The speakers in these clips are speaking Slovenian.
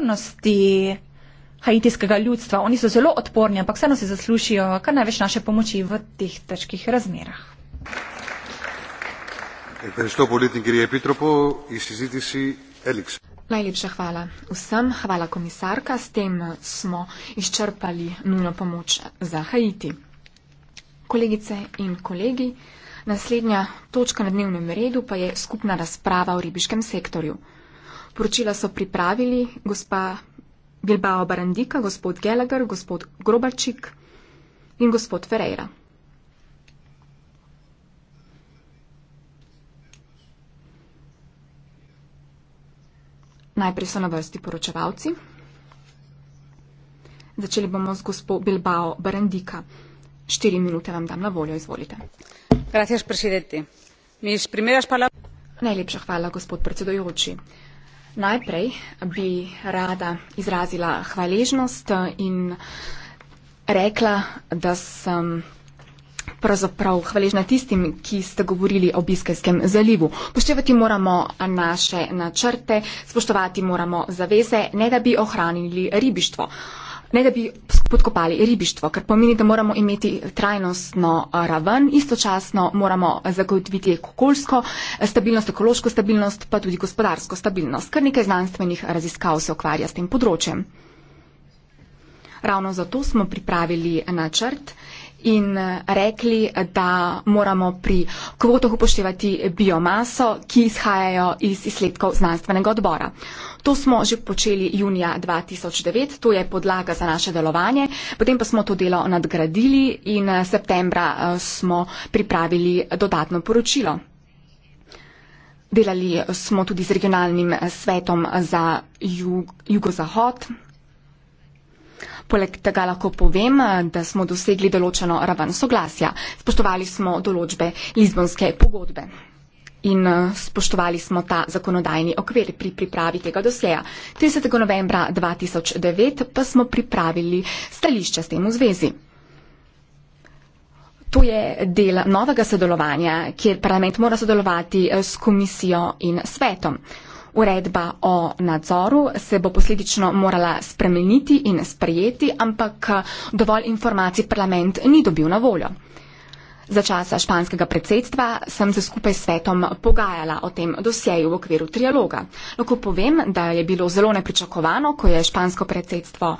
skupnosti haitijskega ljudstva. Oni so zelo odporni, ampak vseeno si zaslužijo kar največ naše pomoči v teh težkih razmerah. Najlepša hvala vsem, hvala komisarka, s tem eh, smo izčrpali nujno pomoč za Haiti. Kolegice in kolegi, naslednja točka na dnevnem redu pa je skupna razprava o ribiškem sektorju. Poročila so pripravili gospa Bilbao Barandika, gospod Gelagar, gospod Grobačik in gospod Ferreira. Najprej so na vrsti poročevalci. Začeli bomo z gospo Bilbao Barandika. Štiri minute vam dam na voljo, izvolite. Gracias, Najlepša hvala, gospod predsedojoči. Najprej bi rada izrazila hvaležnost eh, in rekla, da sem pravzaprav hvaležna tistim, ki ste govorili o Biskajskem zalivu. Poštevati moramo naše načrte, spoštovati moramo zaveze, ne da bi ohranili ribištvo ne da bi podkopali ribištvo, kar pomeni, da moramo imeti trajnostno eh, raven, istočasno moramo zagotoviti okoljsko eh, stabilnost, ekološko stabilnost, pa tudi gospodarsko stabilnost. Kar nekaj znanstvenih raziskav se ukvarja s tem področjem. Ravno zato smo pripravili načrt in eh, rekli, da moramo pri kvotah upoštevati biomaso, ki izhajajo iz izsledkov znanstvenega odbora. To smo že počeli junija 2009, to je podlaga za naše delovanje, potem pa smo to delo nadgradili in eh, septembra eh, smo pripravili dodatno poročilo. Delali smo tudi z regionalnim svetom za jug, jugozahod, Poleg tega lahko povem, da smo dosegli določeno raven soglasja. Spoštovali smo določbe Lizbonske pogodbe in eh, spoštovali smo ta zakonodajni okvir pri pripravi tega doseja. 30. novembra 2009 pa smo pripravili stališče s tem v zvezi. To je del novega sodelovanja, kjer parlament mora sodelovati eh, s komisijo in svetom. Uredba o nadzoru se bo posledično morala spremeniti in sprejeti, ampak eh, dovolj informacij parlament ni dobil na voljo. Za časa španskega predsedstva sem se skupaj s svetom pogajala o tem dosjeju v okviru trialoga. Lahko povem, da je bilo zelo nepričakovano, ko je špansko predsedstvo uh,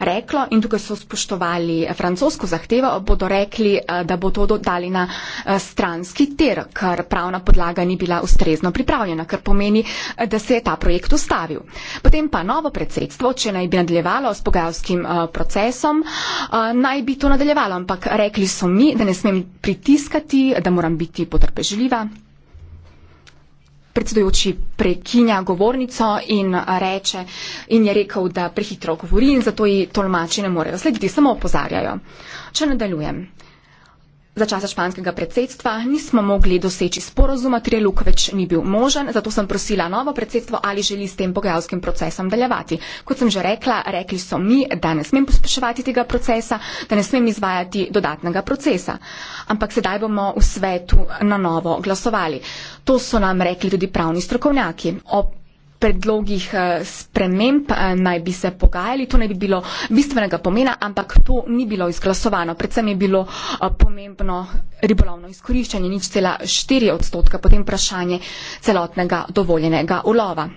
reklo in tukaj so spoštovali francosko zahtevo, bodo rekli, eh, da bo to dodali na eh, stranski ter, ker pravna podlaga ni bila ustrezno pripravljena, kar pomeni, eh, da se je ta projekt ustavil. Potem pa novo predsedstvo, če naj bi nadaljevalo s pogajalskim procesom, naj bi to nadaljevalo, ampak rekli so mi, da ne smem pritiskati, da moram biti potrpežljiva predsedujoči prekinja govornico in reče in je rekel, da prehitro govori in zato ji tolmači ne morejo slediti, samo opozarjajo. Če nadaljujem. Za časa španskega predsedstva nismo mogli doseči sporozuma, trialog več ni bil možen, zato sem prosila novo predsedstvo, ali želi s tem pogajalskim procesom nadaljevati. Kot sem že rekla, rekli so mi, da ne smem pospeševati tega procesa, da ne smem izvajati dodatnega procesa. Ampak sedaj bomo v svetu na novo glasovali. To so nam rekli tudi pravni strokovnjaki. Ob predlogih eh, sprememb eh, naj bi se pogajali. To ne bi bilo bistvenega pomena, ampak to ni bilo izglasovano. Predvsem je bilo eh, pomembno ribolovno izkoriščanje, nič cela 4 odstotka, potem vprašanje celotnega dovoljenega ulova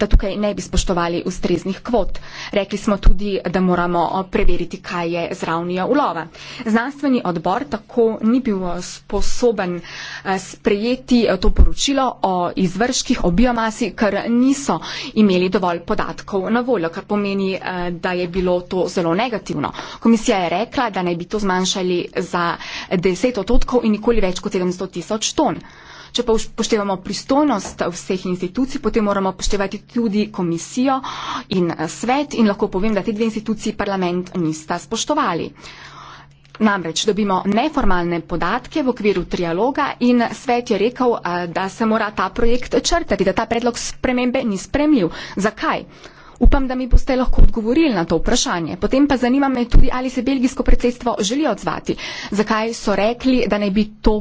da tukaj ne bi spoštovali ustreznih kvot. Rekli smo tudi, da moramo preveriti, kaj je z ravnijo ulova. Znanstveni odbor tako ni bil sposoben e, sprejeti e, to poročilo o izvrških, o biomasi, ker niso imeli dovolj podatkov na voljo, kar pomeni, e, da je bilo to zelo negativno. Komisija je rekla, da naj bi to zmanjšali za 10 odstotkov in nikoli več kot 700 tisoč ton. Če pa upoštevamo pristojnost vseh institucij, potem moramo upoštevati tudi komisijo in eh, svet in lahko povem, da te dve instituciji parlament nista spoštovali. Namreč dobimo neformalne podatke v okviru trialoga in svet je rekel, eh, da se mora ta projekt črtati, da ta predlog spremembe ni spremljiv. Zakaj? Upam, da mi boste lahko odgovorili na to vprašanje. Potem pa zanima me tudi, ali se belgijsko predsedstvo želi odzvati. Zakaj so rekli, da naj bi to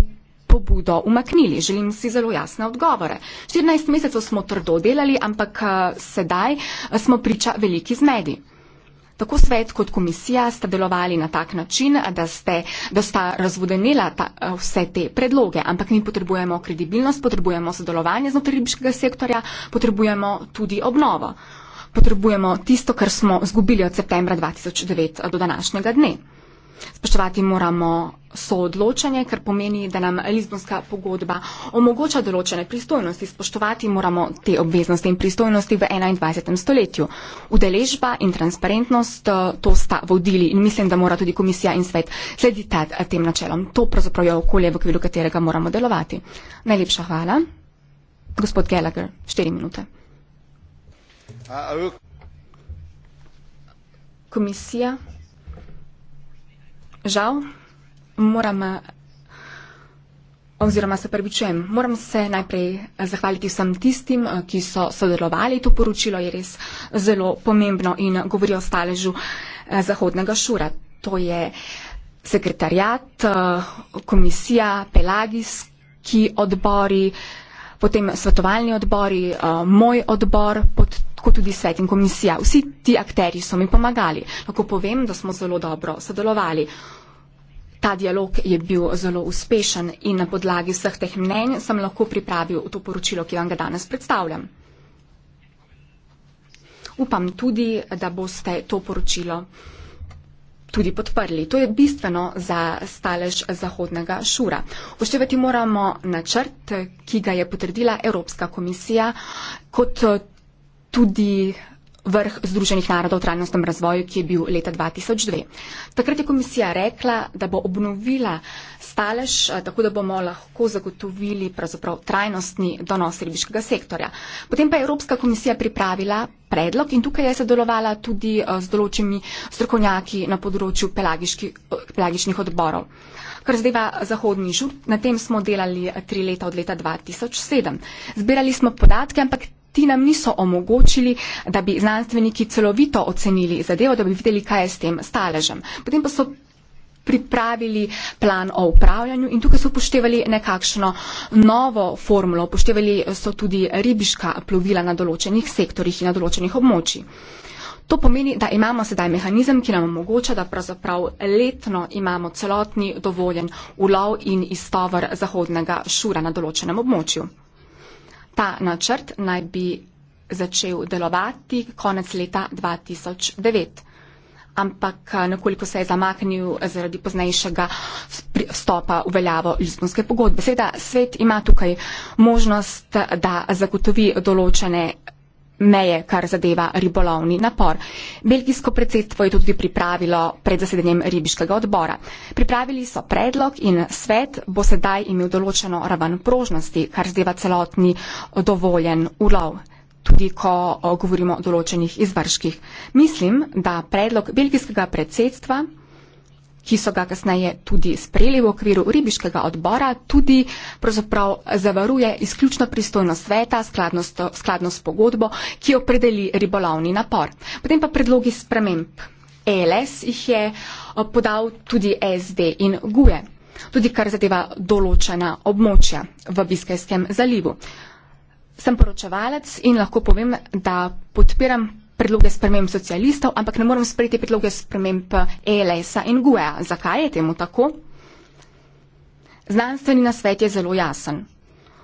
pobudo umaknili. Želim si zelo jasne odgovore. 14 mesecev smo trdo delali, ampak eh, sedaj eh, smo priča veliki zmedi. Tako svet kot komisija sta delovali na tak način, da, ste, da sta razvodenila ta, eh, vse te predloge, ampak mi potrebujemo kredibilnost, potrebujemo sodelovanje znotraj ribiškega sektorja, potrebujemo tudi obnovo. Potrebujemo tisto, kar smo zgubili od septembra 2009 do današnjega dne. Spoštovati moramo soodločanje, kar pomeni, da nam Lizbonska pogodba omogoča določene pristojnosti. Spoštovati moramo te obveznosti in pristojnosti v 21. stoletju. Udeležba in transparentnost, to sta vodili in mislim, da mora tudi komisija in svet slediti tem načelom. To pravzaprav je okolje, v okviru katerega moramo delovati. Najlepša hvala. Gospod Gallagher, 4 minute. Komisija. Žal, moram, oziroma se prvičujem, moram se najprej zahvaliti vsem tistim, ki so sodelovali. To poročilo je res zelo pomembno in govori o staležu eh, Zahodnega šura. To je sekretarjat, eh, komisija, pelagijski odbori, potem svetovalni odbori, eh, moj odbor pod tako tudi svet in komisija. Vsi ti akteri so mi pomagali. Lahko povem, da smo zelo dobro sodelovali. Ta dialog je bil zelo uspešen in na podlagi vseh teh mnenj sem lahko pripravil to poročilo, ki vam ga danes predstavljam. Upam tudi, da boste to poročilo tudi podprli. To je bistveno za stalež Zahodnega šura. Poštevati moramo načrt, ki ga je potrdila Evropska komisija kot tudi vrh Združenih narodov o trajnostnem razvoju, ki je bil leta 2002. Takrat je komisija rekla, da bo obnovila stalež, eh, tako da bomo lahko zagotovili pravzaprav trajnostni donos ribiškega sektorja. Potem pa je Evropska komisija pripravila predlog in tukaj je sodelovala tudi eh, z določimi strokovnjaki na področju eh, pelagičnih odborov. Kar zdajva zahodni žur, na tem smo delali tri leta od leta 2007. Zbirali smo podatke, ampak ti nam niso omogočili, da bi znanstveniki celovito ocenili zadevo, da bi videli, kaj je s tem staležem. Potem pa so pripravili plan o upravljanju in tukaj so upoštevali nekakšno novo formulo, upoštevali so tudi ribiška plovila na določenih sektorjih in na določenih območji. To pomeni, da imamo sedaj mehanizem, ki nam omogoča, da pravzaprav letno imamo celotni dovoljen ulov in iztovor zahodnega šura na določenem območju. Ta načrt naj bi začel delovati konec leta 2009, ampak eh, nekoliko se je zamaknil zaradi poznejšega vstopa v veljavo Ljubljanske pogodbe. Seveda svet ima tukaj možnost, da zagotovi določene meje, kar zadeva ribolovni napor. Belgijsko predsedstvo je tudi pripravilo pred zasedanjem ribiškega odbora. Pripravili so predlog in svet bo sedaj imel določeno raven prožnosti, kar zadeva celotni dovoljen ulov tudi ko govorimo o določenih izvrških. Mislim, da predlog belgijskega predsedstva ki so ga kasneje tudi sprejeli v okviru ribiškega odbora, tudi pravzaprav zavaruje izključno pristojnost sveta skladno s, skladno s pogodbo, ki opredeli ribolovni napor. Potem pa predlogi sprememb. ELS jih je eh, podal tudi e SD in GUE, tudi kar zadeva določena območja v Biskajskem zalivu. Sem poročevalec in lahko povem, da podpiram predloge sprememb socialistov, ampak ne morem sprejeti predloge sprememb ELS-a eh, e in GUE-a. Zakaj je temu tako? Znanstveni nasvet je zelo jasen.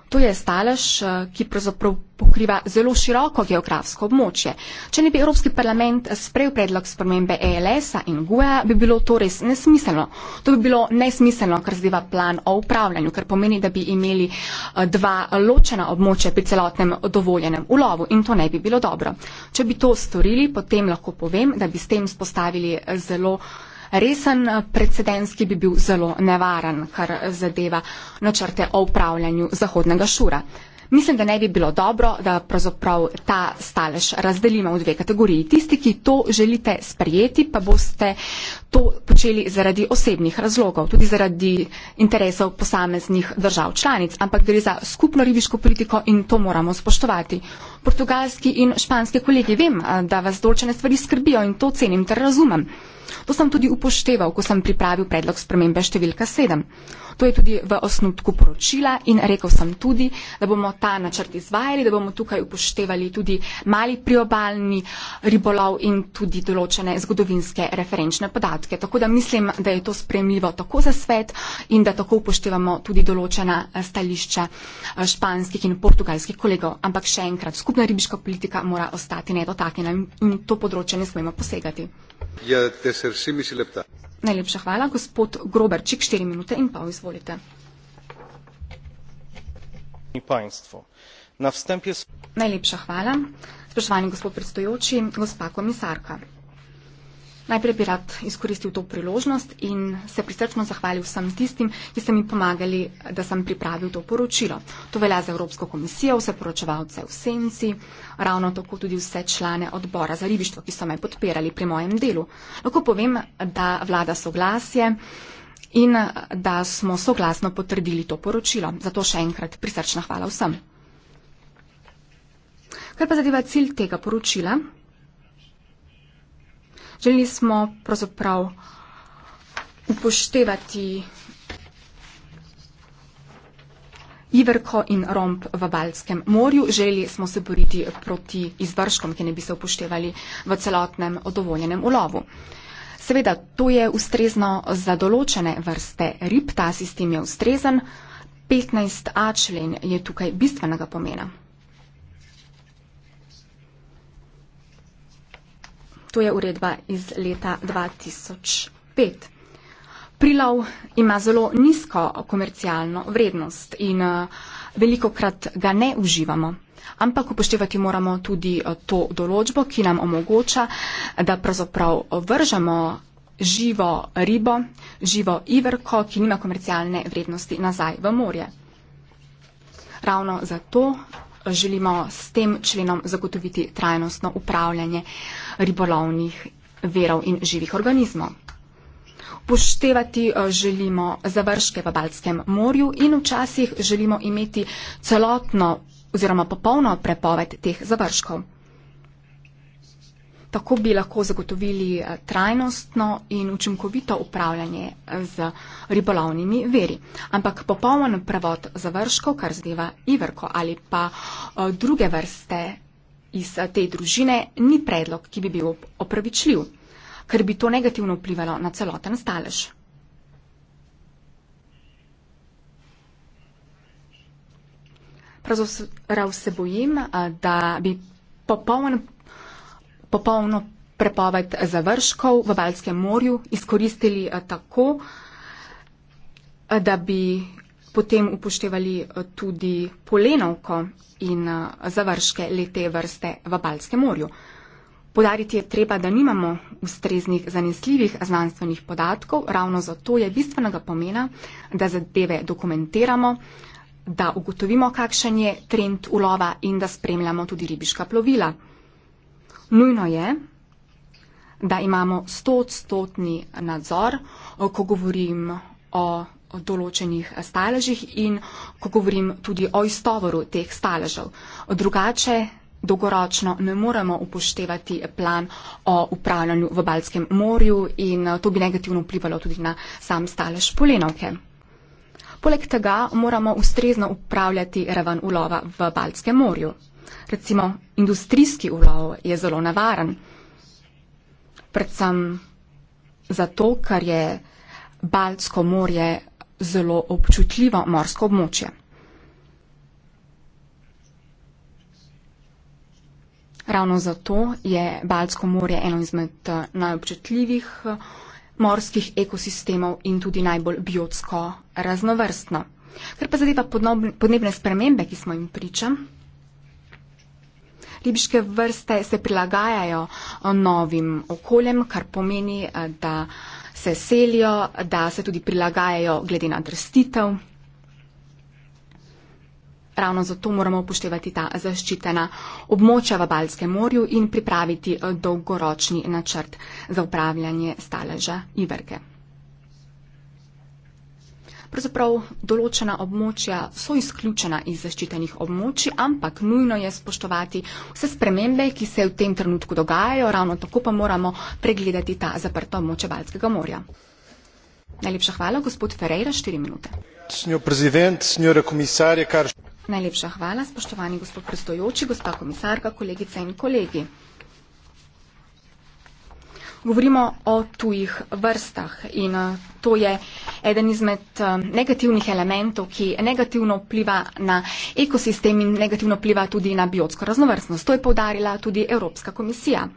To je stalež, eh, ki pravzaprav pokriva zelo široko geografsko območje. Če ne bi Evropski parlament sprejel predlog spremembe ELS-a in GUE-a, bi bilo to res nesmiselno. To bi bilo nesmiselno, kar zdiva plan o upravljanju, ker pomeni, da bi imeli eh, dva ločena območja pri celotnem dovoljenem ulovu in to ne bi bilo dobro. Če bi to storili, potem lahko povem, da bi s tem spostavili eh, zelo Resen precedens, ki bi bil zelo nevaren, kar zadeva načrte o upravljanju Zahodnega šura. Mislim, da ne bi bilo dobro, da pravzaprav ta stalež razdelimo v dve kategoriji. Tisti, ki to želite sprejeti, pa boste to počeli zaradi osebnih razlogov, tudi zaradi interesov posameznih držav članic, ampak gre za skupno ribiško politiko in to moramo spoštovati. Portugalski in španski kolegi vem, da vas določene stvari skrbijo in to cenim ter razumem. To sem tudi upošteval, ko sem pripravil predlog spremembe številka 7. To je tudi v osnutku poročila in rekel sem tudi, da bomo ta načrt izvajali, da bomo tukaj upoštevali tudi mali priobalni ribolov in tudi določene zgodovinske referenčne podatke. Tako da mislim, da je to spremljivo tako za svet in da tako upoštevamo tudi določena eh, stališča eh, španskih in portugalskih kolegov. Ampak še enkrat, skupna ribiška politika mora ostati nedotaknjena in to področje ne smemo posegati. Ja, profesor Simiš Lepta. Najlepša hvala, gospod Groberčik, 4 minute in pol, izvolite. Najlepša hvala, spoštovani gospod predstojoči, gospa komisarka. Najprej bi rad izkoristil to priložnost in se prisrčno zahvalil vsem tistim, ki ste mi pomagali, da sem pripravil to poročilo. To velja za Evropsko komisijo, vse poročevalce v senci, ravno tako tudi vse člane odbora za ribištvo, ki so me podpirali pri mojem delu. Lahko povem, da vlada soglasje in da smo soglasno potrdili to poročilo. Zato še enkrat prisrčna hvala vsem. Kar pa zadeva cilj tega poročila, Želeli smo pravzaprav upoštevati Iverko in romb v Baltskem morju. Želeli smo se boriti proti izvrškom, ki ne bi se upoštevali v celotnem odovoljenem ulovu. Seveda, to je ustrezno za določene vrste rib, ta sistem je ustrezen. 15a člen je tukaj bistvenega pomena. To je uredba iz leta 2005. Prilov ima zelo nizko komercialno vrednost in eh, velikokrat ga ne uživamo. Ampak upoštevati moramo tudi eh, to določbo, ki nam omogoča, da pravzaprav vržemo živo ribo, živo iverko, ki nima komercialne vrednosti, nazaj v morje. Ravno zato želimo s tem členom zagotoviti trajnostno upravljanje ribolovnih verov in živih organizmov. Poštevati eh, želimo završke v Balskem morju in včasih želimo imeti celotno oziroma popolno prepoved teh završkov. Tako bi lahko zagotovili eh, trajnostno in učinkovito upravljanje z ribolovnimi veri. Ampak popoln prevod završkov, kar zadeva Ivrko ali pa eh, druge vrste iz eh, te družine, ni predlog, ki bi bil opravičljiv, ker bi to negativno vplivalo na celoten stalež. Pravzaprav se bojim, da bi popoln prevod popolno prepoved završkov v Balskem morju izkoristili eh, tako, eh, da bi potem upoštevali eh, tudi polenovko in završke lete vrste v Balskem morju. Podariti je treba, da nimamo ustreznih zanesljivih znanstvenih podatkov, ravno zato je bistvenega pomena, da zadeve dokumentiramo, da ugotovimo, kakšen je trend ulova in da spremljamo tudi ribiška plovila. Nujno je, da imamo stotstotni nadzor, ko govorim o določenih staležih in ko govorim tudi o istovoru teh staležev. Drugače dolgoročno ne moremo upoštevati plan o upravljanju v Balskem morju in to bi negativno vplivalo tudi na sam stalež Polenovke. Poleg tega moramo ustrezno upravljati raven ulova v Balskem morju recimo industrijski ulov je zelo nevaren. Predvsem zato, ker je Baltsko morje zelo občutljivo morsko območje. Ravno zato je Baltsko morje eno izmed eh, najobčutljivih eh, morskih ekosistemov in tudi najbolj biotsko raznovrstno. Ker pa zadeva podnebne spremembe, ki smo jim pričali, ribiške vrste se prilagajajo eh, novim okoljem, kar pomeni, eh, da se selijo, da se tudi prilagajajo glede na drstitev. Ravno zato moramo upoštevati ta zaščitena območja v Balskem morju in pripraviti eh, dolgoročni načrt za upravljanje staleža Iverke pravzaprav določena območja so izključena iz zaščitenih območij, ampak nujno je spoštovati vse spremembe, ki se v tem trenutku dogajajo, ravno tako pa moramo pregledati ta zaprto območje Balskega morja. Najlepša hvala, gospod Ferreira, štiri minute. Najlepša hvala, spoštovani gospod predstojoči, gospa komisarka, kolegice in kolegi govorimo o tujih vrstah in eh, to je eden izmed eh, negativnih elementov, ki negativno vpliva na ekosistem in negativno vpliva tudi na biotsko raznovrstnost. To je povdarila tudi Evropska komisija.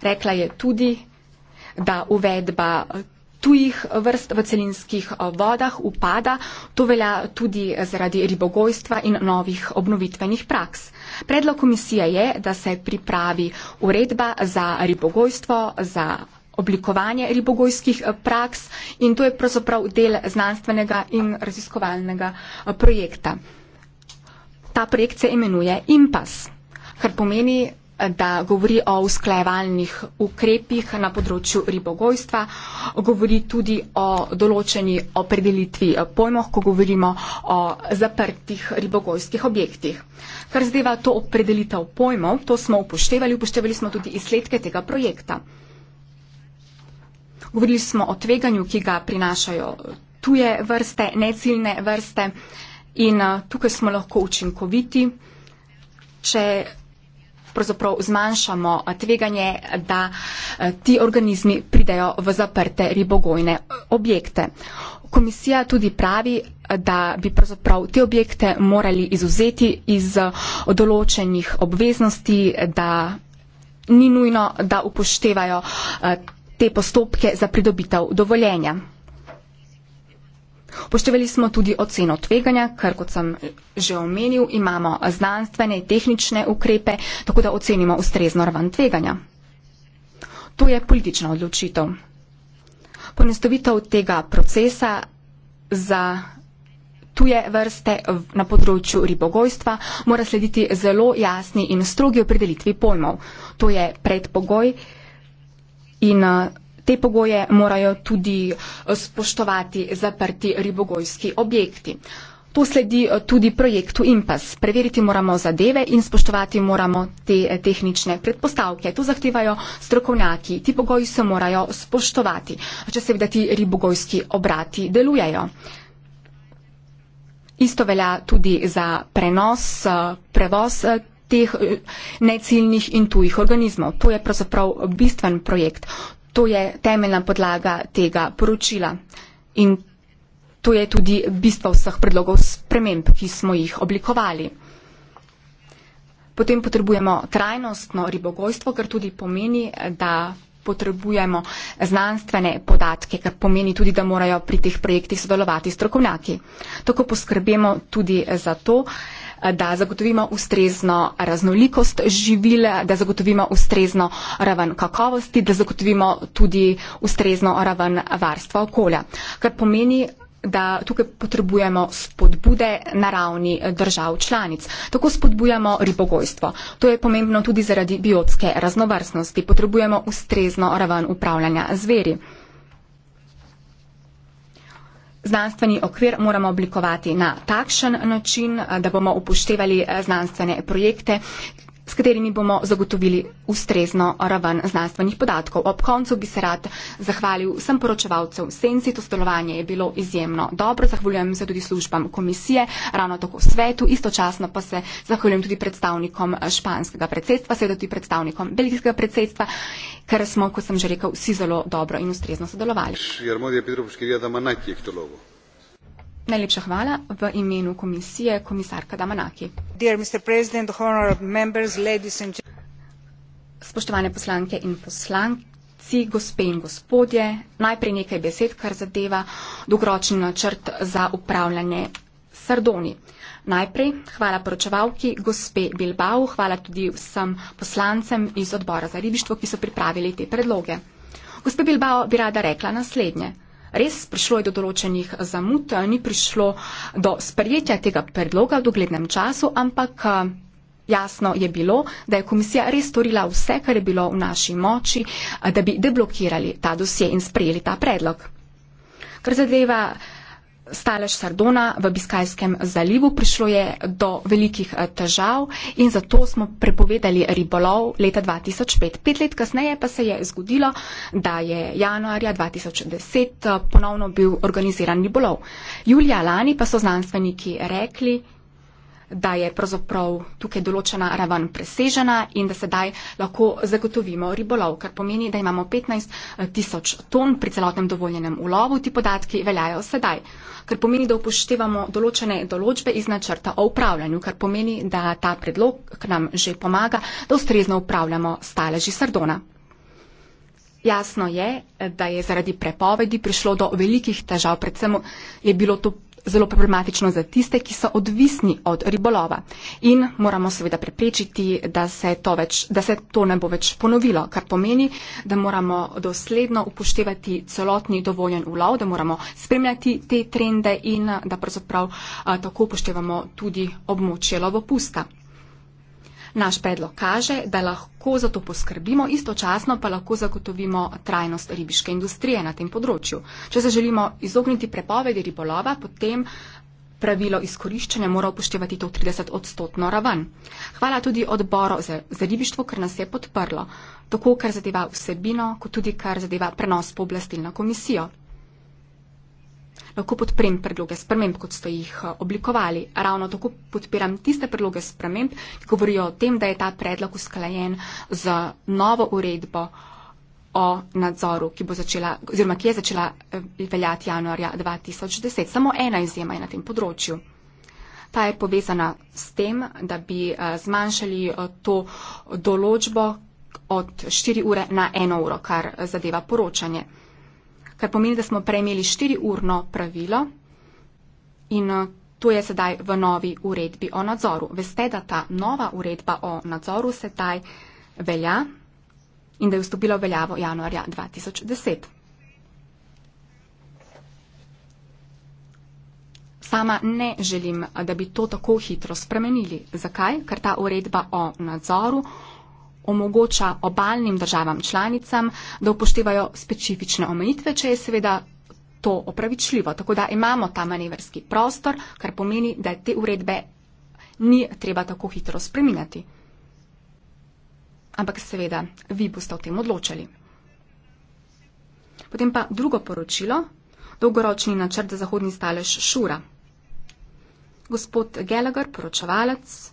Rekla je tudi, da uvedba tujih vrst v celinskih eh, vodah upada, to velja tudi zaradi ribogojstva in novih obnovitvenih praks. Predlog komisije je, da se pripravi uredba za ribogojstvo, za oblikovanje ribogojskih eh, praks in to je pravzaprav del znanstvenega in raziskovalnega eh, projekta. Ta projekt se imenuje IMPAS, kar pomeni da govori o usklajevalnih ukrepih na področju ribogojstva, govori tudi o določeni opredelitvi pojmov, ko govorimo o zaprtih ribogojskih objektih. Kar zdeva to opredelitev pojmov, to smo upoštevali, upoštevali smo tudi izsledke tega projekta. Govorili smo o tveganju, ki ga prinašajo tuje vrste, neciljne vrste in eh, tukaj smo lahko učinkoviti, če pravzaprav zmanjšamo eh, tveganje, da eh, ti organizmi pridejo v zaprte ribogojne eh, objekte. Komisija tudi pravi, da bi pravzaprav te objekte morali izuzeti iz določenih obveznosti, da ni nujno, da upoštevajo te postopke za pridobitev dovoljenja. Poštevali smo tudi oceno tveganja, ker kot sem že omenil, imamo znanstvene in tehnične ukrepe, tako da ocenimo ustrezno raven tveganja. To je politična odločitev. Ponestovitev tega procesa za tuje vrste na področju ribogojstva mora slediti zelo jasni in strogi opredelitvi pojmov. To je predpogoj in Te pogoje morajo tudi eh, spoštovati zaprti ribogojski objekti. To sledi eh, tudi projektu IMPAS. Preveriti moramo zadeve in spoštovati moramo te eh, tehnične predpostavke. To zahtevajo strokovnjaki. Ti pogoji se morajo spoštovati, če seveda ti ribogojski obrati delujejo. Isto velja tudi za prenos, prevoz teh neciljnih in tujih organizmov. To je pravzaprav bistven projekt. To je temeljna podlaga tega poročila in to je tudi bistvo vseh predlogov sprememb, ki smo jih oblikovali. Potem potrebujemo trajnostno ribogojstvo, kar tudi pomeni, da potrebujemo znanstvene podatke, kar pomeni tudi, da morajo pri teh projektih sodelovati strokovnjaki. Tako poskrbemo tudi za to, da zagotovimo ustrezno raznolikost živile, da zagotovimo ustrezno raven kakovosti, da zagotovimo tudi ustrezno raven varstva okolja. Kar pomeni, da tukaj potrebujemo spodbude na ravni držav članic. Tako spodbujamo ribogojstvo. To je pomembno tudi zaradi biotske raznovrstnosti. Potrebujemo ustrezno raven upravljanja zveri. Znanstveni okvir moramo oblikovati na takšen način, da bomo upoštevali znanstvene projekte, s katerimi bomo zagotovili ustrezno raven znanstvenih podatkov. Ob koncu bi se rad zahvalil vsem poročevalcem Senci, to stolovanje je bilo izjemno dobro, zahvaljujem se tudi službam komisije, ravno tako svetu, istočasno pa se zahvaljujem tudi predstavnikom eh, španskega predsedstva, seveda tudi predstavnikom belgijskega predsedstva, ker smo, kot sem že rekel, vsi zelo dobro in ustrezno sodelovali. Najlepša hvala v imenu komisije komisarka Damanaki. Spoštovane poslanke in poslanci, gospe in gospodje, najprej nekaj besed, kar zadeva dolgoročni načrt za upravljanje Sardoni. Najprej hvala poročevalki gospe Bilbao, hvala tudi vsem poslancem iz odbora za ribištvo, ki so pripravili te predloge. Gospe Bilbao bi rada rekla naslednje. Res prišlo je do določenih zamud, ni prišlo do sprejetja tega predloga v doglednem času, ampak jasno je bilo, da je komisija res storila vse, kar je bilo v naši moči, da bi deblokirali ta dosje in sprejeli ta predlog. Kar zadeva stalež Sardona v Biskajskem zalivu, prišlo je do velikih eh, težav in zato smo prepovedali ribolov leta 2005. Pet let kasneje pa se je zgodilo, da je januarja 2010 eh, ponovno bil organiziran ribolov. Julija lani pa so znanstveniki rekli, da je pravzaprav tukaj določena raven presežena in da sedaj lahko zagotovimo ribolov, kar pomeni, da imamo 15 eh, tisoč ton pri celotnem dovoljenem ulovu, ti podatki veljajo sedaj, kar pomeni, da upoštevamo določene določbe iz načrta o upravljanju, kar pomeni, da ta predlog nam že pomaga, da ustrezno upravljamo staleži sardona. Jasno je, eh, da je zaradi prepovedi prišlo do velikih težav, predvsem je bilo to zelo problematično za tiste, ki so odvisni od ribolova. In moramo seveda preprečiti, da se to, več, da se to ne bo več ponovilo, kar pomeni, da moramo dosledno upoštevati celotni dovoljen ulov, da moramo spremljati te trende in da pravzaprav a, tako upoštevamo tudi območje lovopusta. Naš predlog kaže, da lahko za to poskrbimo, istočasno pa lahko zagotovimo trajnost ribiške industrije na tem področju. Če se želimo izogniti prepovedi ribolova, potem pravilo izkoriščanja mora upoštevati to 30 odstotno raven. Hvala tudi odboru za, za ribištvo, ker nas je podprlo, tako kar zadeva vsebino, kot tudi kar zadeva prenos pooblastil na komisijo lahko podprem predloge sprememb, kot ste jih eh, oblikovali. Ravno tako podpiram tiste predloge sprememb, ki govorijo o tem, da je ta predlog usklajen z novo uredbo o nadzoru, ki, začela, oziroma, ki je začela eh, veljati januarja 2010. Samo ena izjema je na tem področju. Ta je povezana s tem, da bi eh, zmanjšali to določbo od 4 ure na 1 uro, kar zadeva poročanje kar pomeni, da smo prej imeli štiriurno pravilo in eh, to je sedaj v novi uredbi o nadzoru. Veste, da ta nova uredba o nadzoru sedaj velja in da je vstopila v veljavo januarja 2010. Sama ne želim, da bi to tako hitro spremenili. Zakaj? Ker ta uredba o nadzoru omogoča obaljnim državam članicam, da upoštevajo specifične omejitve, če je seveda to opravičljivo. Tako da imamo ta manevrski prostor, kar pomeni, da te uredbe ni treba tako hitro spreminjati. Ampak seveda, vi boste o tem odločali. Potem pa drugo poročilo, dolgoročni načrt za zahodni stalež Šura. Gospod Gelagar, poročevalec,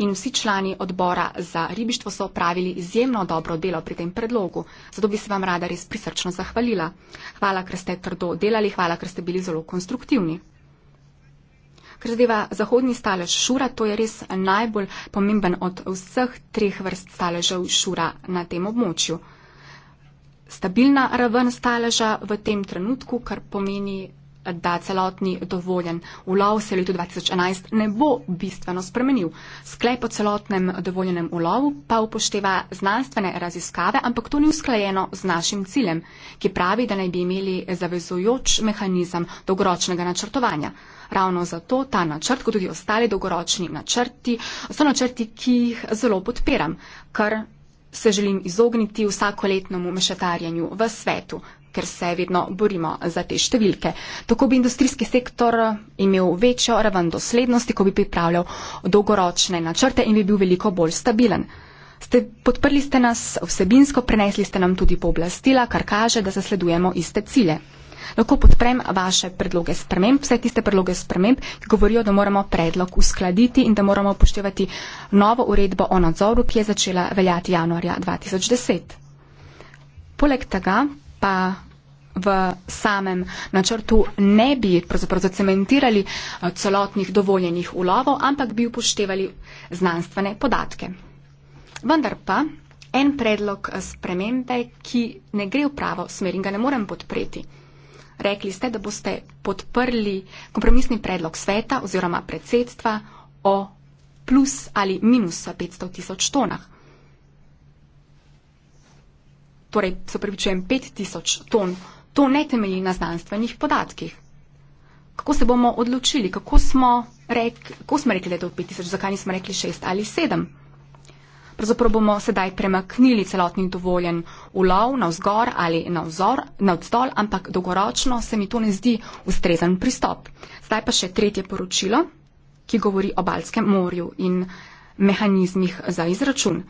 in vsi člani odbora za ribištvo so opravili izjemno dobro delo pri tem predlogu. Zato bi se vam rada res prisrčno zahvalila. Hvala, ker ste trdo delali, hvala, ker ste bili zelo konstruktivni. Ker zadeva zahodni stalež šura, to je res najbolj pomemben od vseh treh vrst staležev šura na tem območju. Stabilna raven staleža v tem trenutku, kar pomeni da celotni dovoljen ulov se v letu 2011 ne bo bistveno spremenil. Sklep o celotnem dovoljenem ulovu pa upošteva znanstvene raziskave, ampak to ni usklajeno z našim ciljem, ki pravi, da naj bi imeli zavezujoč mehanizem dolgoročnega načrtovanja. Ravno zato ta načrt, kot tudi ostali dolgoročni načrti, so načrti, ki jih zelo podpiram, kar se želim izogniti vsakoletnemu mešetarjenju v svetu ker se vedno borimo za te številke. Tako bi industrijski sektor eh, imel večjo raven doslednosti, ko bi pripravljal dolgoročne načrte in bi bil veliko bolj stabilen. Ste, podprli ste nas vsebinsko, prenesli ste nam tudi pooblastila, kar kaže, da zasledujemo iste cilje. Lahko podprem vaše predloge sprememb, vse tiste predloge sprememb, ki govorijo, da moramo predlog uskladiti in da moramo upoštevati novo uredbo o nadzoru, ki je začela veljati januarja 2010. Poleg tega pa v samem načrtu ne bi pravzaprav zacementirali eh, celotnih dovoljenih ulovov, ampak bi upoštevali znanstvene podatke. Vendar pa en predlog eh, spremembe, ki ne gre v pravo smer in ga ne morem podpreti. Rekli ste, da boste podprli kompromisni predlog sveta oziroma predsedstva o plus ali minus 500 tisoč tonah torej se pravičujem, 5000 ton, to ne temelji na znanstvenih podatkih. Kako se bomo odločili, kako smo, rek, kako smo rekli, da je to 5000, zakaj nismo rekli 6 ali 7? Pravzaprav bomo sedaj premaknili celotni dovoljen ulov na vzgor ali na, vzor, na vzdol, ampak dolgoročno se mi to ne zdi ustrezan pristop. Zdaj pa še tretje poročilo, ki govori o Balskem morju in mehanizmih za izračun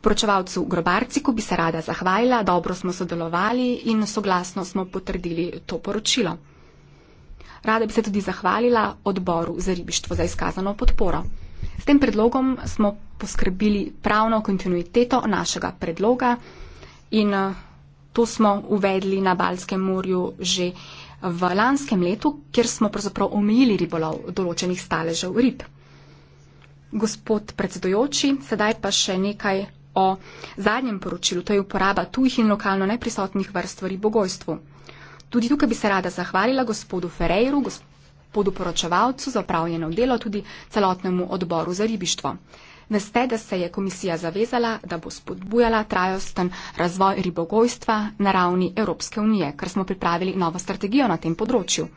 poročevalcu Grobarci, ko bi se rada zahvalila, dobro smo sodelovali in soglasno smo potrdili to poročilo. Rada bi se tudi zahvalila odboru za ribištvo za izkazano podporo. S tem predlogom smo poskrbili pravno kontinuiteto našega predloga in eh, to smo uvedli na Balskem morju že v lanskem letu, kjer smo pravzaprav omejili ribolov določenih staležev rib. Gospod predsedujoči, sedaj pa še nekaj o zadnjem poročilu, to je uporaba tujih in lokalno neprisotnih vrst v ribogojstvu. Tudi tukaj bi se rada zahvalila gospodu Ferreiru, gospodu poročevalcu za opravljeno delo, tudi celotnemu odboru za ribištvo. Veste, da se je komisija zavezala, da bo spodbujala trajosten razvoj ribogojstva na ravni Evropske unije, ker smo pripravili novo strategijo na tem področju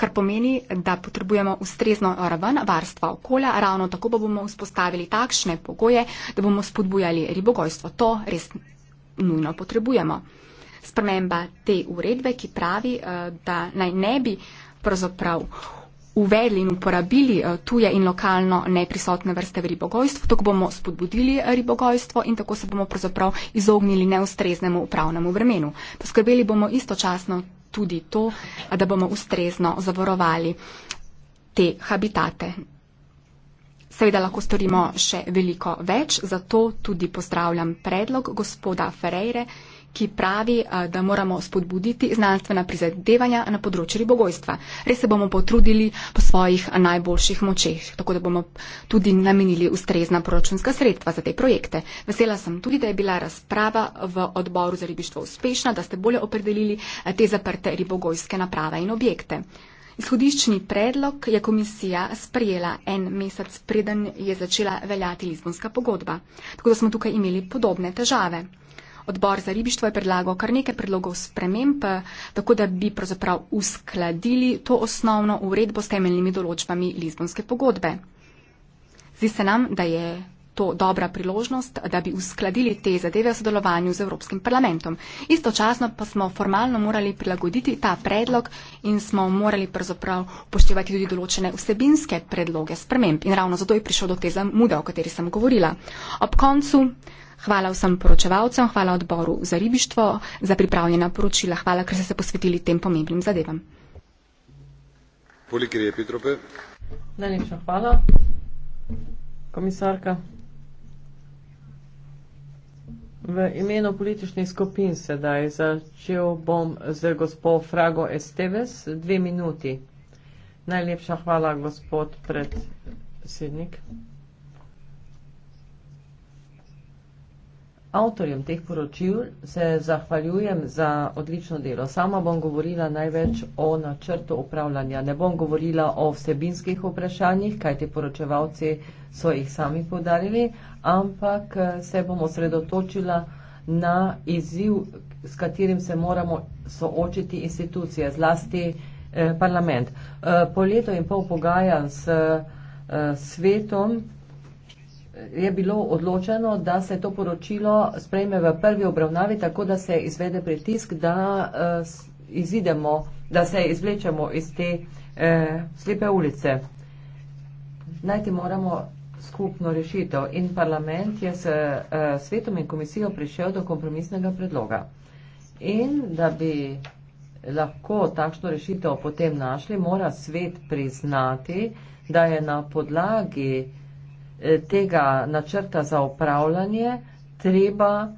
kar pomeni, da potrebujemo ustrezno raven varstva okolja, ravno tako pa bomo vzpostavili takšne pogoje, da bomo spodbujali ribogojstvo. To res nujno potrebujemo. Sprememba te uredbe, ki pravi, eh, da naj ne bi pravzaprav uvedli in uporabili eh, tuje in lokalno neprisotne vrste v ribogojstvu, tako bomo spodbudili ribogojstvo in tako se bomo pravzaprav izognili neustreznemu upravnemu vremenu. Poskrbeli bomo istočasno tudi to, da bomo ustrezno zavarovali te habitate. Seveda lahko storimo še veliko več, zato tudi pozdravljam predlog gospoda Ferreire, ki pravi, da moramo spodbuditi znanstvena prizadevanja na področju ribogojstva. Res se bomo potrudili po svojih najboljših močeh, tako da bomo tudi namenili ustrezna proračunska sredstva za te projekte. Vesela sem tudi, da je bila razprava v odboru za ribištvo uspešna, da ste bolje opredelili te zaprte ribogojske naprave in objekte. Izhodiščni predlog je komisija sprijela en mesec, preden je začela veljati Lizbonska pogodba. Tako da smo tukaj imeli podobne težave. Odbor za ribištvo je predlagal kar nekaj predlogov sprememb, tako da bi pravzaprav uskladili to osnovno uredbo s temeljnimi določbami Lizbonske pogodbe. Zdi se nam, da je to dobra priložnost, da bi uskladili te zadeve v sodelovanju z Evropskim parlamentom. Istočasno pa smo formalno morali prilagoditi ta predlog in smo morali pravzaprav upoštevati tudi določene vsebinske predloge sprememb. In ravno zato je prišel do te zamude, o kateri sem govorila. Ob koncu Hvala vsem poročevalcem, hvala odboru za ribištvo za pripravljena poročila, hvala, ker ste se posvetili tem pomembnim zadevam. Najlepša hvala, komisarka. V imenu političnih skupin sedaj začel bom z gospod Frago Esteves, dve minuti. Najlepša hvala, gospod predsednik. Avtorjem teh poročil se zahvaljujem za odlično delo. Sama bom govorila največ o načrtu upravljanja. Ne bom govorila o vsebinskih vprašanjih, kaj ti poročevalci so jih sami podarili, ampak eh, se bom osredotočila na izziv, s katerim se moramo soočiti institucije, zlasti eh, parlament. Eh, po leto in pol pogajanj s eh, svetom je bilo odločeno, da se to poročilo sprejme v prvi obravnavi, tako da se izvede pritisk, da uh, izidemo, da se izvlečemo iz te uh, slepe ulice. Najti moramo skupno rešitev in parlament je s uh, svetom in komisijo prišel do kompromisnega predloga. In da bi lahko takšno rešitev potem našli, mora svet priznati, da je na podlagi uh, Eh, tega načrta za upravljanje treba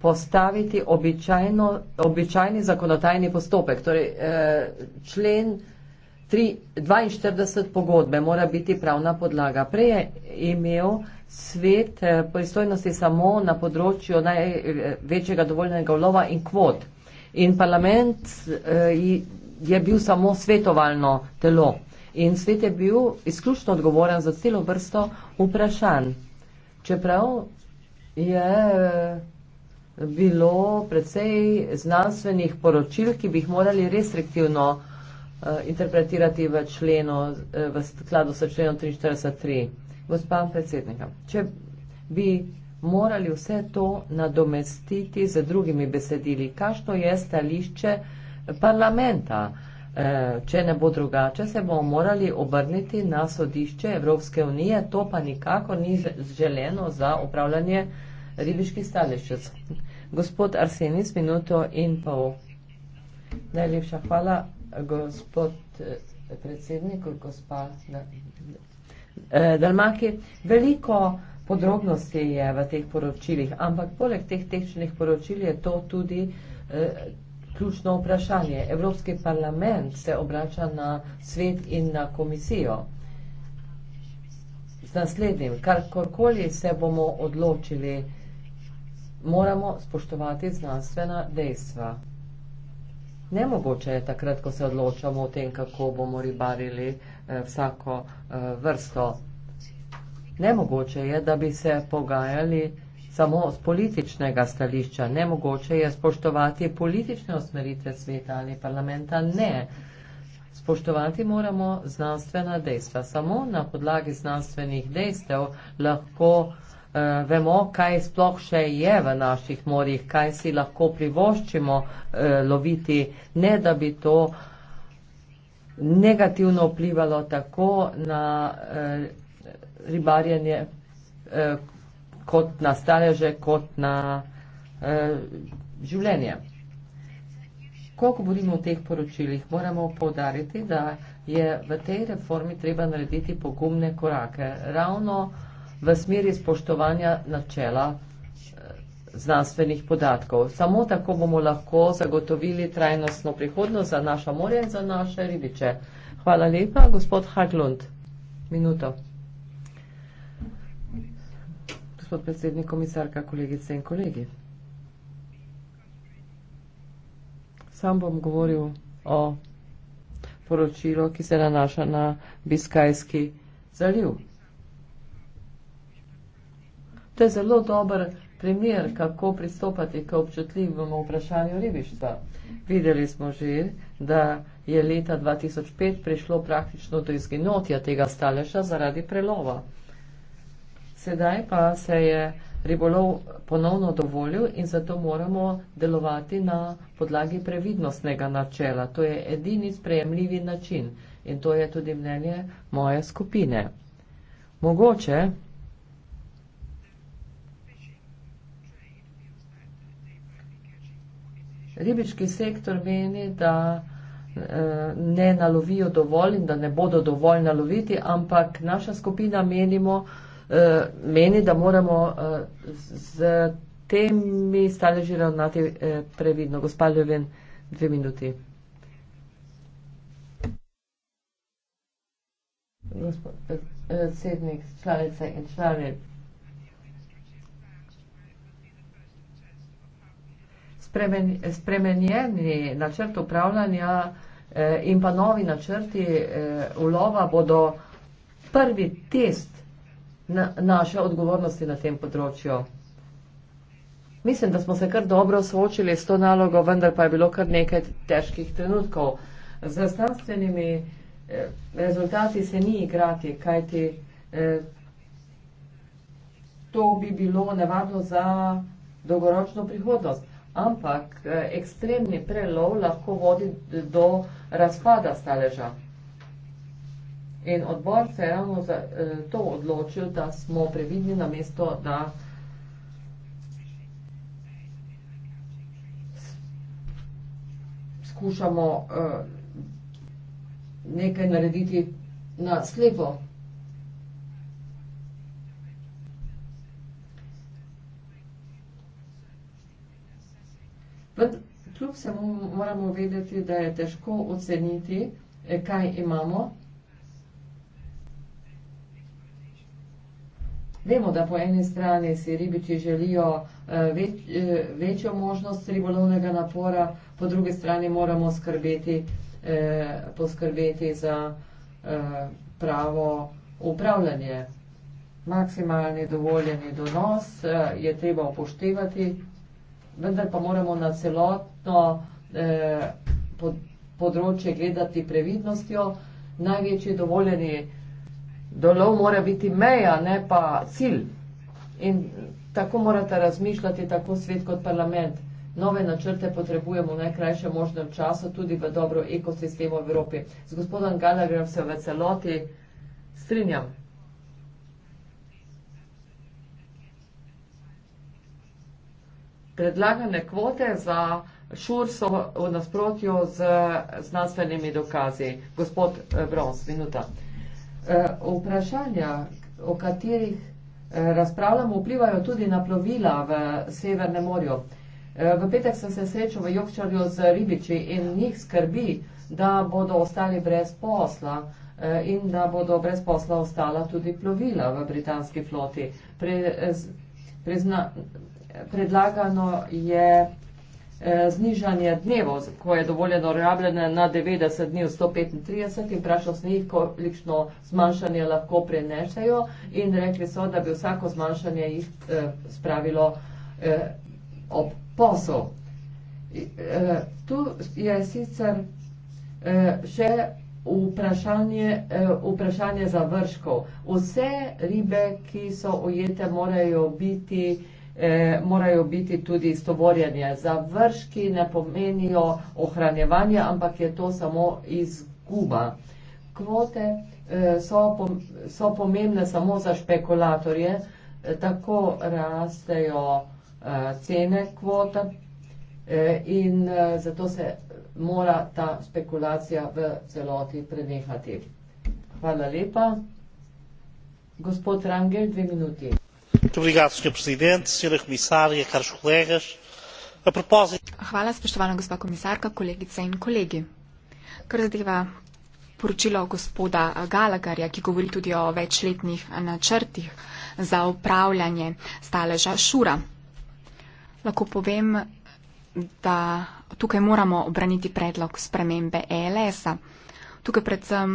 postaviti običajno, običajni zakonodajni postopek. Torej, eh, člen 3, 42 pogodbe mora biti pravna podlaga. Prej je imel svet eh, pristojnosti samo na področju največjega dovoljenega vlova in kvot. In parlament je bil samo svetovalno telo. In svet je bil izključno odgovoren za celo vrsto vprašanj. Čeprav je bilo precej znanstvenih poročil, ki bi jih morali restriktivno eh, interpretirati v, členu, eh, v skladu s členom 43.3. Gospa predsednika, če bi morali vse to nadomestiti z drugimi besedili, kakšno je stališče parlamenta? Eh, če ne bo drugače, se bomo morali obrniti na sodišče Evropske unije, to pa nikako ni želeno za upravljanje ribiških staležic. Gospod Arsenis, minuto in pol. Najlepša hvala, gospod eh, predsednik, gospa eh, Dalmaki. Veliko podrobnosti je v teh poročilih, ampak poleg teh tehničnih poročil je to tudi ključno vprašanje. Evropski parlament se obrača na svet in na komisijo. Z naslednjim, karkorkoli se bomo odločili, moramo spoštovati znanstvena dejstva. Nemogoče je takrat, ko se odločamo o tem, kako bomo ribarili eh, vsako eh, vrsto. Nemogoče je, da bi se pogajali samo z političnega stališča. Nemogoče je spoštovati politične osmeritve sveta ali parlamenta. Ne. Spoštovati moramo znanstvena dejstva. Samo na podlagi znanstvenih dejstev lahko eh, vemo, kaj sploh še je v naših morjih, kaj si lahko privoščimo eh, loviti, ne da bi to negativno vplivalo tako na eh, ribarjenje. Eh, kot na stareže, kot na eh, življenje. Ko govorimo o teh poročilih, moramo povdariti, da je v tej reformi treba narediti pogumne korake, ravno v smeri spoštovanja načela eh, znanstvenih podatkov. Samo tako bomo lahko zagotovili trajnostno prihodnost za naša morja in za naše ribiče. Hvala lepa, gospod Haglund. Minuto gospod predsednik, komisarka, kolegice in kolegi. Sam bom govoril o poročilu, ki se nanaša na Biskajski zaliv. To je zelo dober primer, kako pristopati k občutljivemu vprašanju ribištva. Videli smo že, da je leta 2005 prišlo praktično do izginotja tega staleža zaradi prelova. Sedaj pa se je ribolov ponovno dovolil in zato moramo delovati na podlagi previdnostnega načela. To je edini sprejemljivi način in to je tudi mnenje moje skupine. Mogoče ribiški sektor meni, da eh, ne nalovijo dovolj in da ne bodo dovolj naloviti, ampak naša skupina menimo, da Eh, meni, da moramo z eh, temi staleži ravnati eh, previdno. Gospa Ljuven, dve minuti. Gospod sednik, članice in člani. Spremen, spremenjeni načrt upravljanja in pa novi načrti ulova bodo prvi test na, naše odgovornosti na tem področju. Mislim, da smo se kar dobro soočili s to nalogo, vendar pa je bilo kar nekaj težkih trenutkov. Z znanstvenimi eh, rezultati se ni igrati, kajti eh, to bi bilo nevarno za dolgoročno prihodnost. Ampak eh, ekstremni prelov lahko vodi do razpada staleža. In odbor se je ravno za eh, to odločil, da smo previdni na mesto, da skušamo eh, nekaj narediti na slepo. Kljub vsemu moramo vedeti, da je težko oceniti, eh, kaj imamo. Vemo, da po eni strani si ribiči želijo eh, več, eh, večjo možnost ribolovnega napora, po drugi strani moramo skrbeti, eh, poskrbeti za pravo upravljanje. Maksimalni dovoljeni donos je treba upoštevati, vendar pa moramo na celotno področje gledati previdnostjo. Največji dovoljeni donos Dolov mora biti meja, ne pa cilj. In tako morate razmišljati, tako svet kot parlament. Nove načrte potrebujemo v najkrajšem možnem času, tudi v dobro ekosistemu v Evropi. Z gospodom Gallagherom se v celoti strinjam. Predlagane kvote za šur so v nasprotju z znanstvenimi dokazi. Gospod eh, Brons, minuta. Eh, vprašanja, o katerih eh, razpravljamo, vplivajo tudi na plovila v Severnem morju. Eh, v petek sem se srečal v Jokčarju z ribiči in njih skrbi, da bodo ostali brez posla in da bodo brez posla ostala tudi plovila v britanski floti. Pre, prezna, predlagano je Eh, znižanje dnevov, ko je dovoljeno rabljene na 90 dni v 135 in vprašal sem jih, koliko zmanjšanje lahko prenešajo in rekli so, da bi vsako zmanjšanje jih eh, spravilo eh, ob posel. Tu je sicer še vprašanje, vprašanje za vrškov. Vse ribe, ki so ujete, morajo biti eh, morajo biti tudi stovorjenje. Završki ne pomenijo ohranjevanje, ampak je to samo izguba. Kvote eh, so, pom so pomembne samo za špekulatorje, eh, tako rastejo eh, cene kvota eh, in eh, zato se mora ta spekulacija v celoti prenehati. Hvala lepa. Gospod Rangel, dve minuti. Hvala, spoštovana gospa komisarka, kolegice in kolegi. Kar zadeva poročilo gospoda Galagarja, ki govori tudi o večletnih načrtih za upravljanje staleža Šura. Lahko povem, da tukaj moramo obraniti predlog spremembe ELS-a. Tukaj predvsem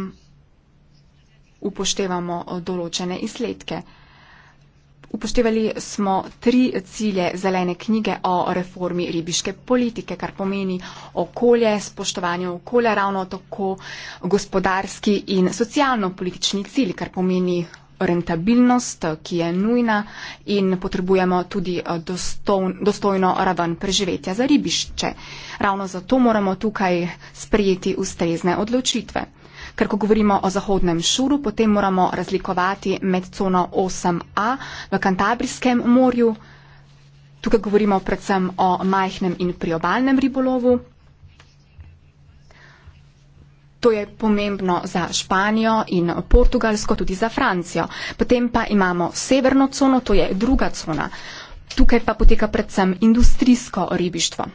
upoštevamo določene izsledke. Upoštevali smo tri cilje zelene knjige o reformi ribiške politike, kar pomeni okolje, spoštovanje okolja, ravno tako gospodarski in socialno-politični cilj, kar pomeni rentabilnost, ki je nujna in potrebujemo tudi eh, dostojno, dostojno raven preživetja za ribišče. Ravno zato moramo tukaj sprejeti ustrezne odločitve. Ker ko govorimo o zahodnem šuru, potem moramo razlikovati med cono 8a v Kantabrijskem morju. Tukaj govorimo predvsem o majhnem in priobalnem ribolovu. To je pomembno za Španijo in Portugalsko, tudi za Francijo. Potem pa imamo severno cono, to je druga cona. Tukaj pa poteka predvsem industrijsko ribištvo.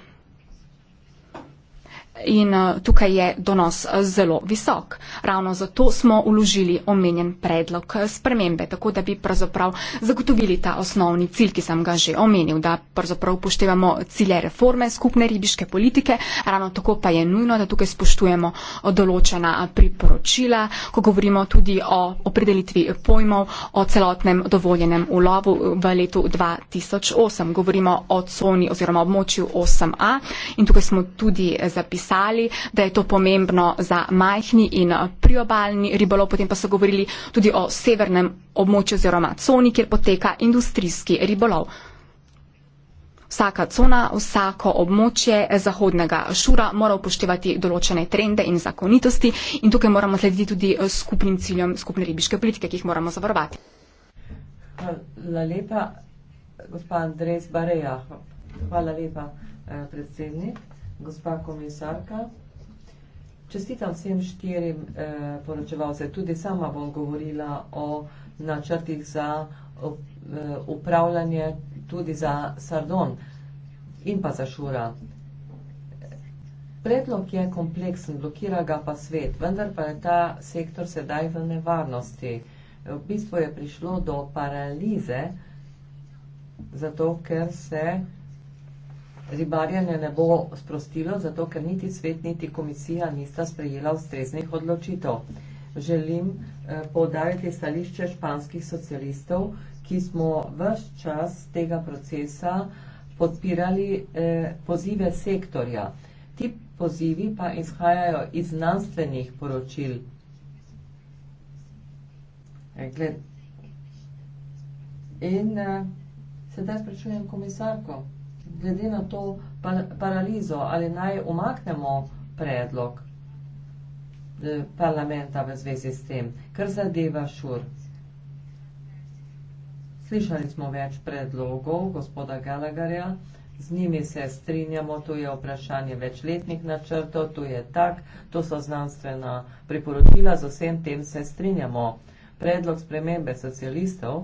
In eh, tukaj je donos eh, zelo visok. Ravno zato smo uložili omenjen predlog eh, spremembe, tako da bi pravzaprav zagotovili ta osnovni cilj, ki sem ga že omenil, da pravzaprav upoštevamo cilje reforme skupne ribiške politike, ravno tako pa je nujno, da tukaj spoštujemo določena priporočila, ko govorimo tudi o opredelitvi pojmov, o celotnem dovoljenem ulovu v letu 2008. Govorimo o coni oziroma območju 8a in tukaj smo tudi zapisali, pisali, da je to pomembno za majhni in priobalni ribolov, potem pa so govorili tudi o severnem območju oziroma coni, kjer poteka industrijski ribolov. Vsaka cona, vsako območje zahodnega šura mora upoštevati določene trende in zakonitosti in tukaj moramo slediti tudi eh, skupnim ciljem skupne ribiške politike, ki jih moramo zavarovati. Hvala lepa, gospod Andres Bareja. Hvala lepa, eh, predsednik gospa komisarka. Čestitam vsem štirim eh, poročevalcem, tudi sama bom govorila o načrtih za eh, upravljanje tudi za Sardon in pa za Šura. Predlog je kompleksen, blokira ga pa svet, vendar pa je ta sektor sedaj v nevarnosti. V bistvu je prišlo do paralize, zato ker se ribarjenje ne bo sprostilo, zato ker niti svet, niti komisija nista sprejela ustreznih odločitev. Želim eh, povdariti stališče španskih socialistov, ki smo vse čas tega procesa podpirali eh, pozive sektorja. Ti pozivi pa izhajajo iz znanstvenih poročil. E, In eh, sedaj sprašujem komisarko glede na to paralizo, ali naj umaknemo predlog eh, parlamenta v zvezi s tem, kar zadeva šur. Slišali smo več predlogov gospoda Galagarja, z njimi se strinjamo, tu je vprašanje večletnih načrtov, tu je tak, to so znanstvena priporočila, z vsem tem se strinjamo. Predlog spremembe socialistov.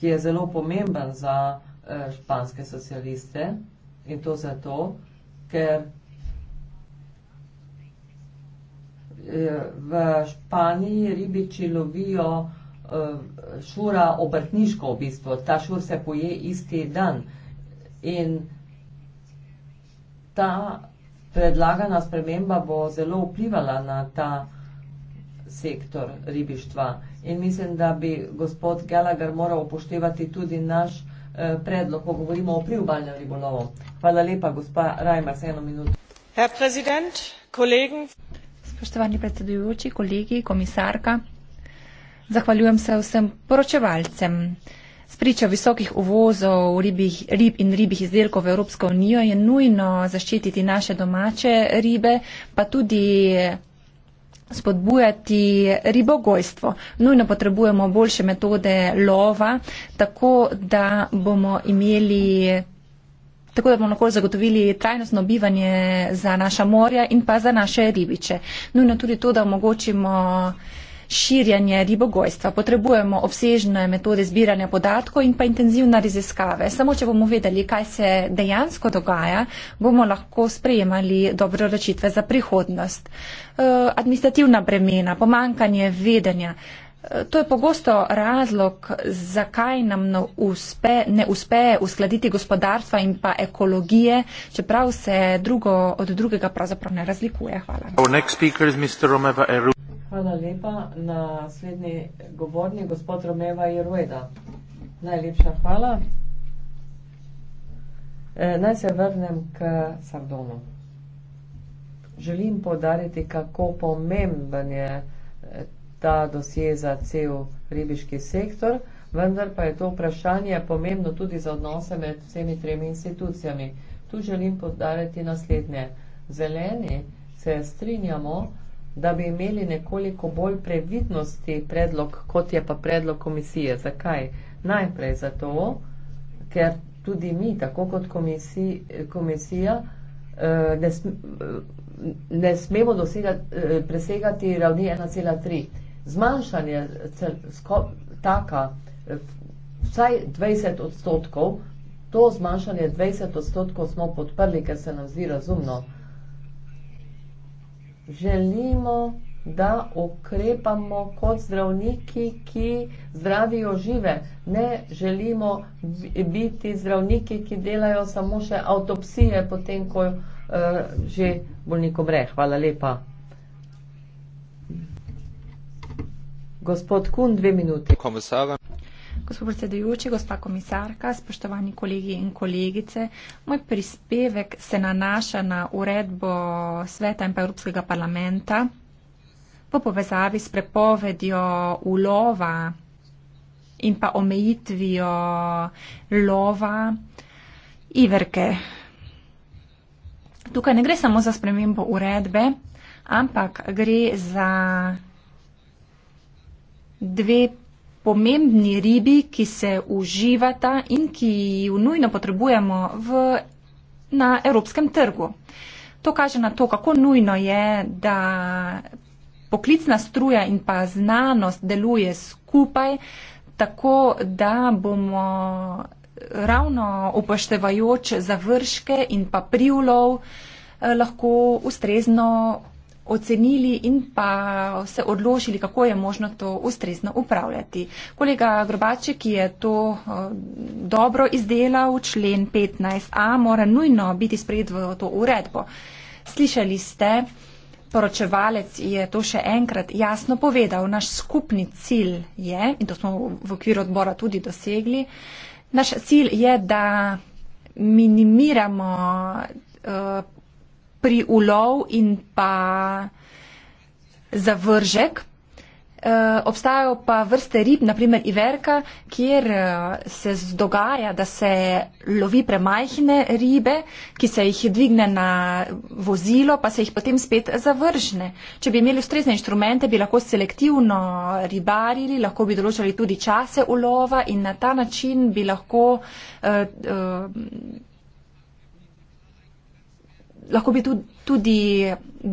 ki je zelo pomemben za eh, španske socialiste in to zato, ker eh, v Španiji ribiči lovijo eh, šura obrtniško v bistvu. Ta šur se poje isti dan in ta predlagana sprememba bo zelo vplivala na ta sektor ribištva in mislim, da bi gospod Gallagher moral upoštevati tudi naš eh, predlog, ko govorimo o priobalnem ribolovu. Hvala lepa, gospa Rajmar, za eno minuto. Herr Präsident, Kollegen. Spoštovani predsedujoči, kolegi, komisarka, zahvaljujem se vsem poročevalcem. Spričo visokih uvozov ribih, rib in ribih izdelkov v Evropsko unijo je nujno zaščititi naše domače ribe, pa tudi spodbujati ribogojstvo. Nujno potrebujemo boljše metode lova, tako da bomo imeli tako da bomo lahko zagotovili trajnostno bivanje za naša morja in pa za naše ribiče. Nujno tudi to, da omogočimo širjanje ribogojstva. Potrebujemo obsežne metode zbiranja podatkov in pa intenzivne raziskave. Samo če bomo vedeli, kaj se dejansko dogaja, bomo lahko sprejemali dobre odločitve za prihodnost. E, administrativna bremena, pomankanje vedenja. E, to je pogosto razlog, zakaj nam uspe, ne uspe uskladiti gospodarstva in pa ekologije, čeprav se drugo od drugega pravzaprav ne razlikuje. Hvala. Hvala lepa. Naslednji govornik, gospod Romeva Jerueda. Najlepša hvala. E, naj se vrnem k Sardonu. Želim podariti, kako pomemben je e, ta dosje za cel ribiški sektor, vendar pa je to vprašanje pomembno tudi za odnose med vsemi tremi institucijami. Tu želim podariti naslednje. Zeleni se strinjamo, da bi imeli nekoliko bolj previdnosti predlog, kot je pa predlog komisije. Zakaj? Najprej zato, ker tudi mi, tako kot komisij, komisija, eh, ne, sm, eh, ne smemo dosegati, eh, presegati ravni 1,3. Zmanjšanje cel, sko, taka, vsaj 20 odstotkov, to zmanjšanje 20 odstotkov smo podprli, ker se nam zdi razumno. Uh, želimo, da ukrepamo kot zdravniki, ki zdravijo žive. Ne želimo biti zdravniki, ki delajo samo še avtopsije, potem, ko uh, že bolnik umre. Hvala lepa. Gospod Kun, dve minuti. Komisar gospod predsedujoči, gospa komisarka, spoštovani kolegi in kolegice. Moj prispevek se nanaša na uredbo Sveta in pa Evropskega parlamenta v povezavi s prepovedjo ulova in pa omejitvijo lova iverke. Tukaj ne gre samo za spremembo uredbe, ampak gre za dve pomembni ribi, ki se uživata in ki jo nujno potrebujemo v, na evropskem trgu. To kaže na to, kako nujno je, da poklicna struja in pa znanost deluje skupaj, tako da bomo ravno upoštevajoč završke in pa privlov eh, lahko ustrezno ocenili in pa se odločili, kako je možno to ustrezno upravljati. Kolega Grobače, ki je to eh, dobro izdelal, člen 15a mora nujno biti spred v to uredbo. Slišali ste, poročevalec je to še enkrat jasno povedal, naš skupni cilj je, in to smo v okviru odbora tudi dosegli, naš cilj je, da minimiramo eh, pri ulov in pa zavržek. Uh, obstajajo pa vrste rib, naprimer iverka, kjer uh, se dogaja, da se lovi premajhne ribe, ki se jih dvigne na vozilo, pa se jih potem spet zavržne. Če bi imeli ustrezne inštrumente, bi lahko selektivno ribarili, lahko bi določali tudi čase ulova in na ta način bi lahko. Uh, uh, lahko bi tudi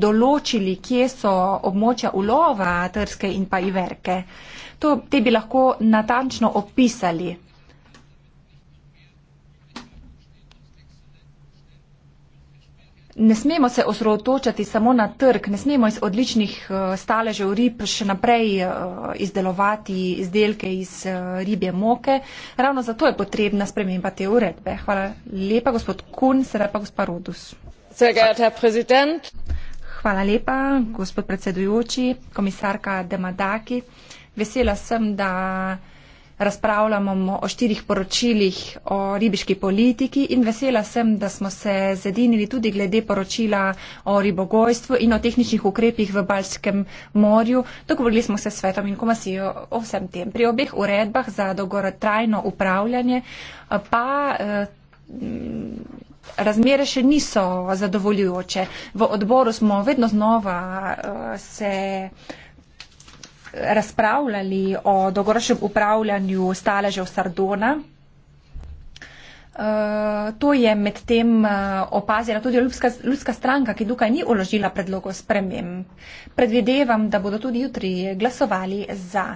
določili, kje so območja ulova Trske in pa Iverke. To, te bi lahko natančno opisali. Ne smemo se osredotočati samo na trg, ne smemo iz odličnih eh, staležev rib še naprej eh, izdelovati izdelke iz eh, ribje moke. Ravno zato je potrebna sprememba te uredbe. Hvala lepa, gospod Kun, sedaj pa gospod Rodus. Hvala lepa, gospod predsedujoči, komisarka Demadaki. Vesela sem, da razpravljamo o štirih poročilih o ribiški politiki in vesela sem, da smo se zedinili tudi glede poročila o ribogojstvu in o tehničnih ukrepih v Balskem morju. Dogovorili smo se s svetom in komisijo o vsem tem. Pri obeh uredbah za dogoraj trajno upravljanje eh, pa eh, razmere še niso zadovoljujoče. V odboru smo vedno znova eh, se razpravljali o dogoročnem upravljanju staležev Sardona. Eh, to je med tem eh, opazila tudi ljubska, ljubska stranka, ki tukaj ni uložila predlogo spremem. Predvidevam, da bodo tudi jutri glasovali za.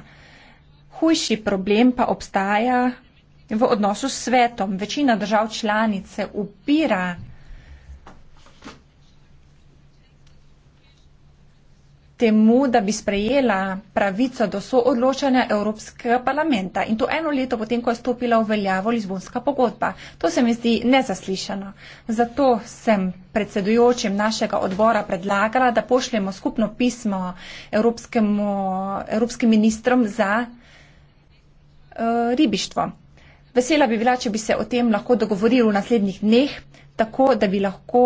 Hujši problem pa obstaja in v odnosu s svetom. Večina držav članice upira temu, da bi sprejela pravico do soodločanja Evropskega parlamenta in to eno leto potem, ko je stopila v veljavo Lizbonska pogodba. To se mi zdi nezaslišano. Zato sem predsedujočim našega odbora predlagala, da pošljemo skupno pismo Evropskim ministrom za uh, ribištvo. Vesela bi bila, če bi se o tem lahko dogovorili v naslednjih dneh, tako da bi lahko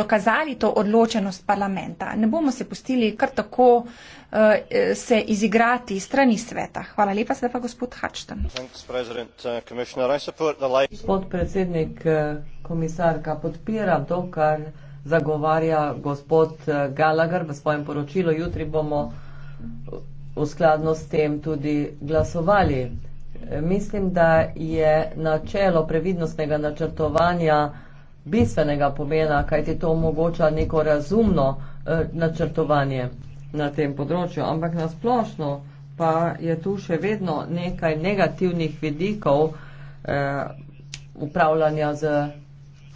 dokazali to odločenost parlamenta. Ne bomo se pustili kar tako uh, se izigrati strani sveta. Hvala lepa, sedaj pa gospod Hačten. Uh, gospod predsednik, eh, komisarka, podpiram to, kar zagovarja gospod eh, Gallagher v svojem poročilu. Jutri bomo v skladnosti s tem tudi glasovali. Mislim, da je načelo previdnostnega načrtovanja bistvenega pomena, kaj ti to omogoča neko razumno eh, načrtovanje na tem področju. Ampak nasplošno pa je tu še vedno nekaj negativnih vidikov eh, upravljanja z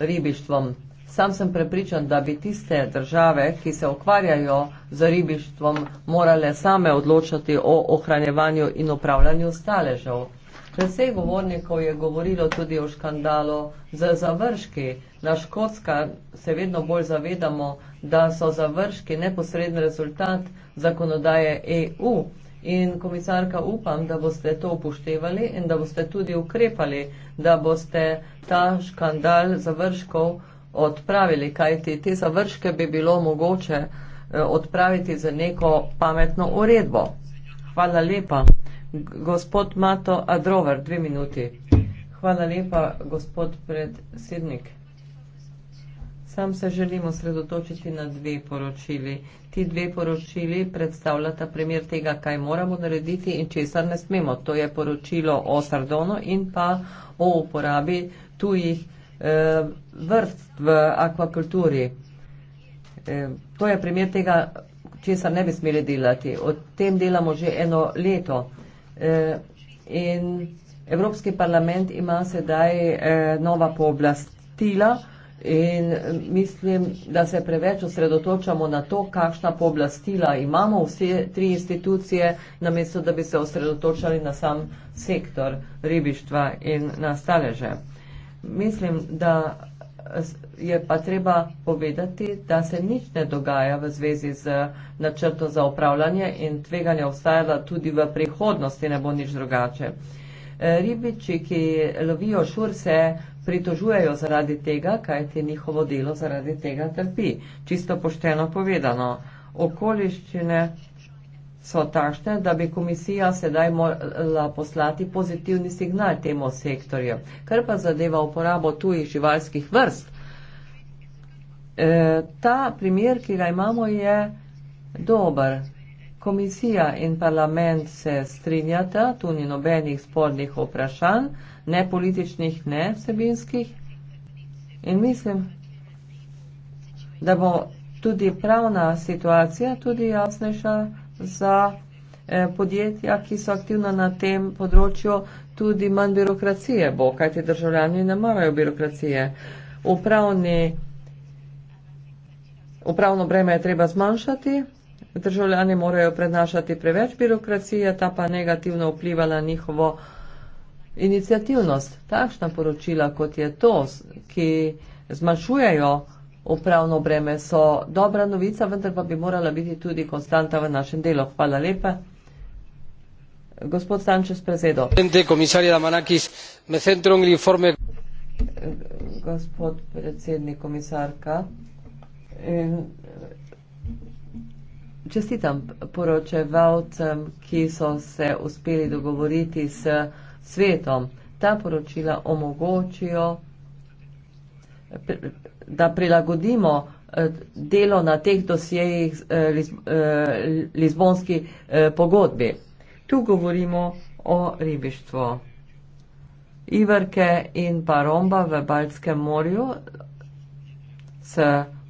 ribištvom. Sam sem prepričan, da bi tiste države, ki se ukvarjajo z ribištvom, morale same odločati o ohranjevanju in upravljanju staležev. Vse govornikov je govorilo tudi o škandalu z završki. Na Škotska se vedno bolj zavedamo, da so završki neposreden rezultat zakonodaje EU. In komisarka, upam, da boste to upoštevali in da boste tudi ukrepali, da boste ta škandal završkov odpravili, kajti te završke bi bilo mogoče eh, odpraviti z neko pametno uredbo. Hvala lepa. Gospod Mato Adrover, dve minuti. Hvala lepa, gospod predsednik. Sam se želimo sredotočiti na dve poročili. Ti dve poročili predstavljata primer tega, kaj moramo narediti in česar ne smemo. To je poročilo o Sardonu in pa o uporabi tujih Eh, vrst v akvakulturi. Eh, to je primer tega, česar ne bi smeli delati. O tem delamo že eno leto. Eh, in Evropski parlament ima sedaj nova pooblastila in mislim, da se preveč osredotočamo na to, kakšna pooblastila imamo vse tri institucije, namesto da bi se osredotočali na sam sektor ribištva in na staleže. Mislim, da je pa treba povedati, da se nič ne dogaja v zvezi z načrto za upravljanje in tveganje obstajala tudi v prihodnosti, ne bo nič drugače. E, ribiči, ki lovijo šur, se pritožujejo zaradi tega, kaj ti njihovo delo zaradi tega trpi. Čisto pošteno povedano, okoliščine so takšne, da bi komisija sedaj morala poslati pozitivni signal temu sektorju. Kar pa zadeva uporabo tujih živalskih vrst, e, ta primer, ki ga imamo, je dober. Komisija in parlament se strinjata, tu ni nobenih spornih vprašanj, ne političnih, ne vsebinskih. In mislim, da bo tudi pravna situacija tudi jasnejša za eh, podjetja, ki so aktivna na tem področju, tudi manj birokracije bo, kajti državljani ne morajo birokracije. Upravni, upravno breme je treba zmanjšati, državljani morajo prenašati preveč birokracije, ta pa negativno vpliva na njihovo inicijativnost. Takšna poročila, kot je to, ki zmanjšujejo upravno breme so dobra novica, vendar pa bi morala biti tudi konstanta v našem delu. Hvala lepa. Gospod Sanchez Prezedo. Gospod predsednik komisarka, eh, čestitam poročevalcem, ki so se uspeli dogovoriti s svetom. Ta poročila omogočijo da prilagodimo eh, delo na teh dosjejih eh, eh, Lizbonski pogodbi. Tu govorimo o ribištvu. Ivrke in pa romba v Baljskem morju s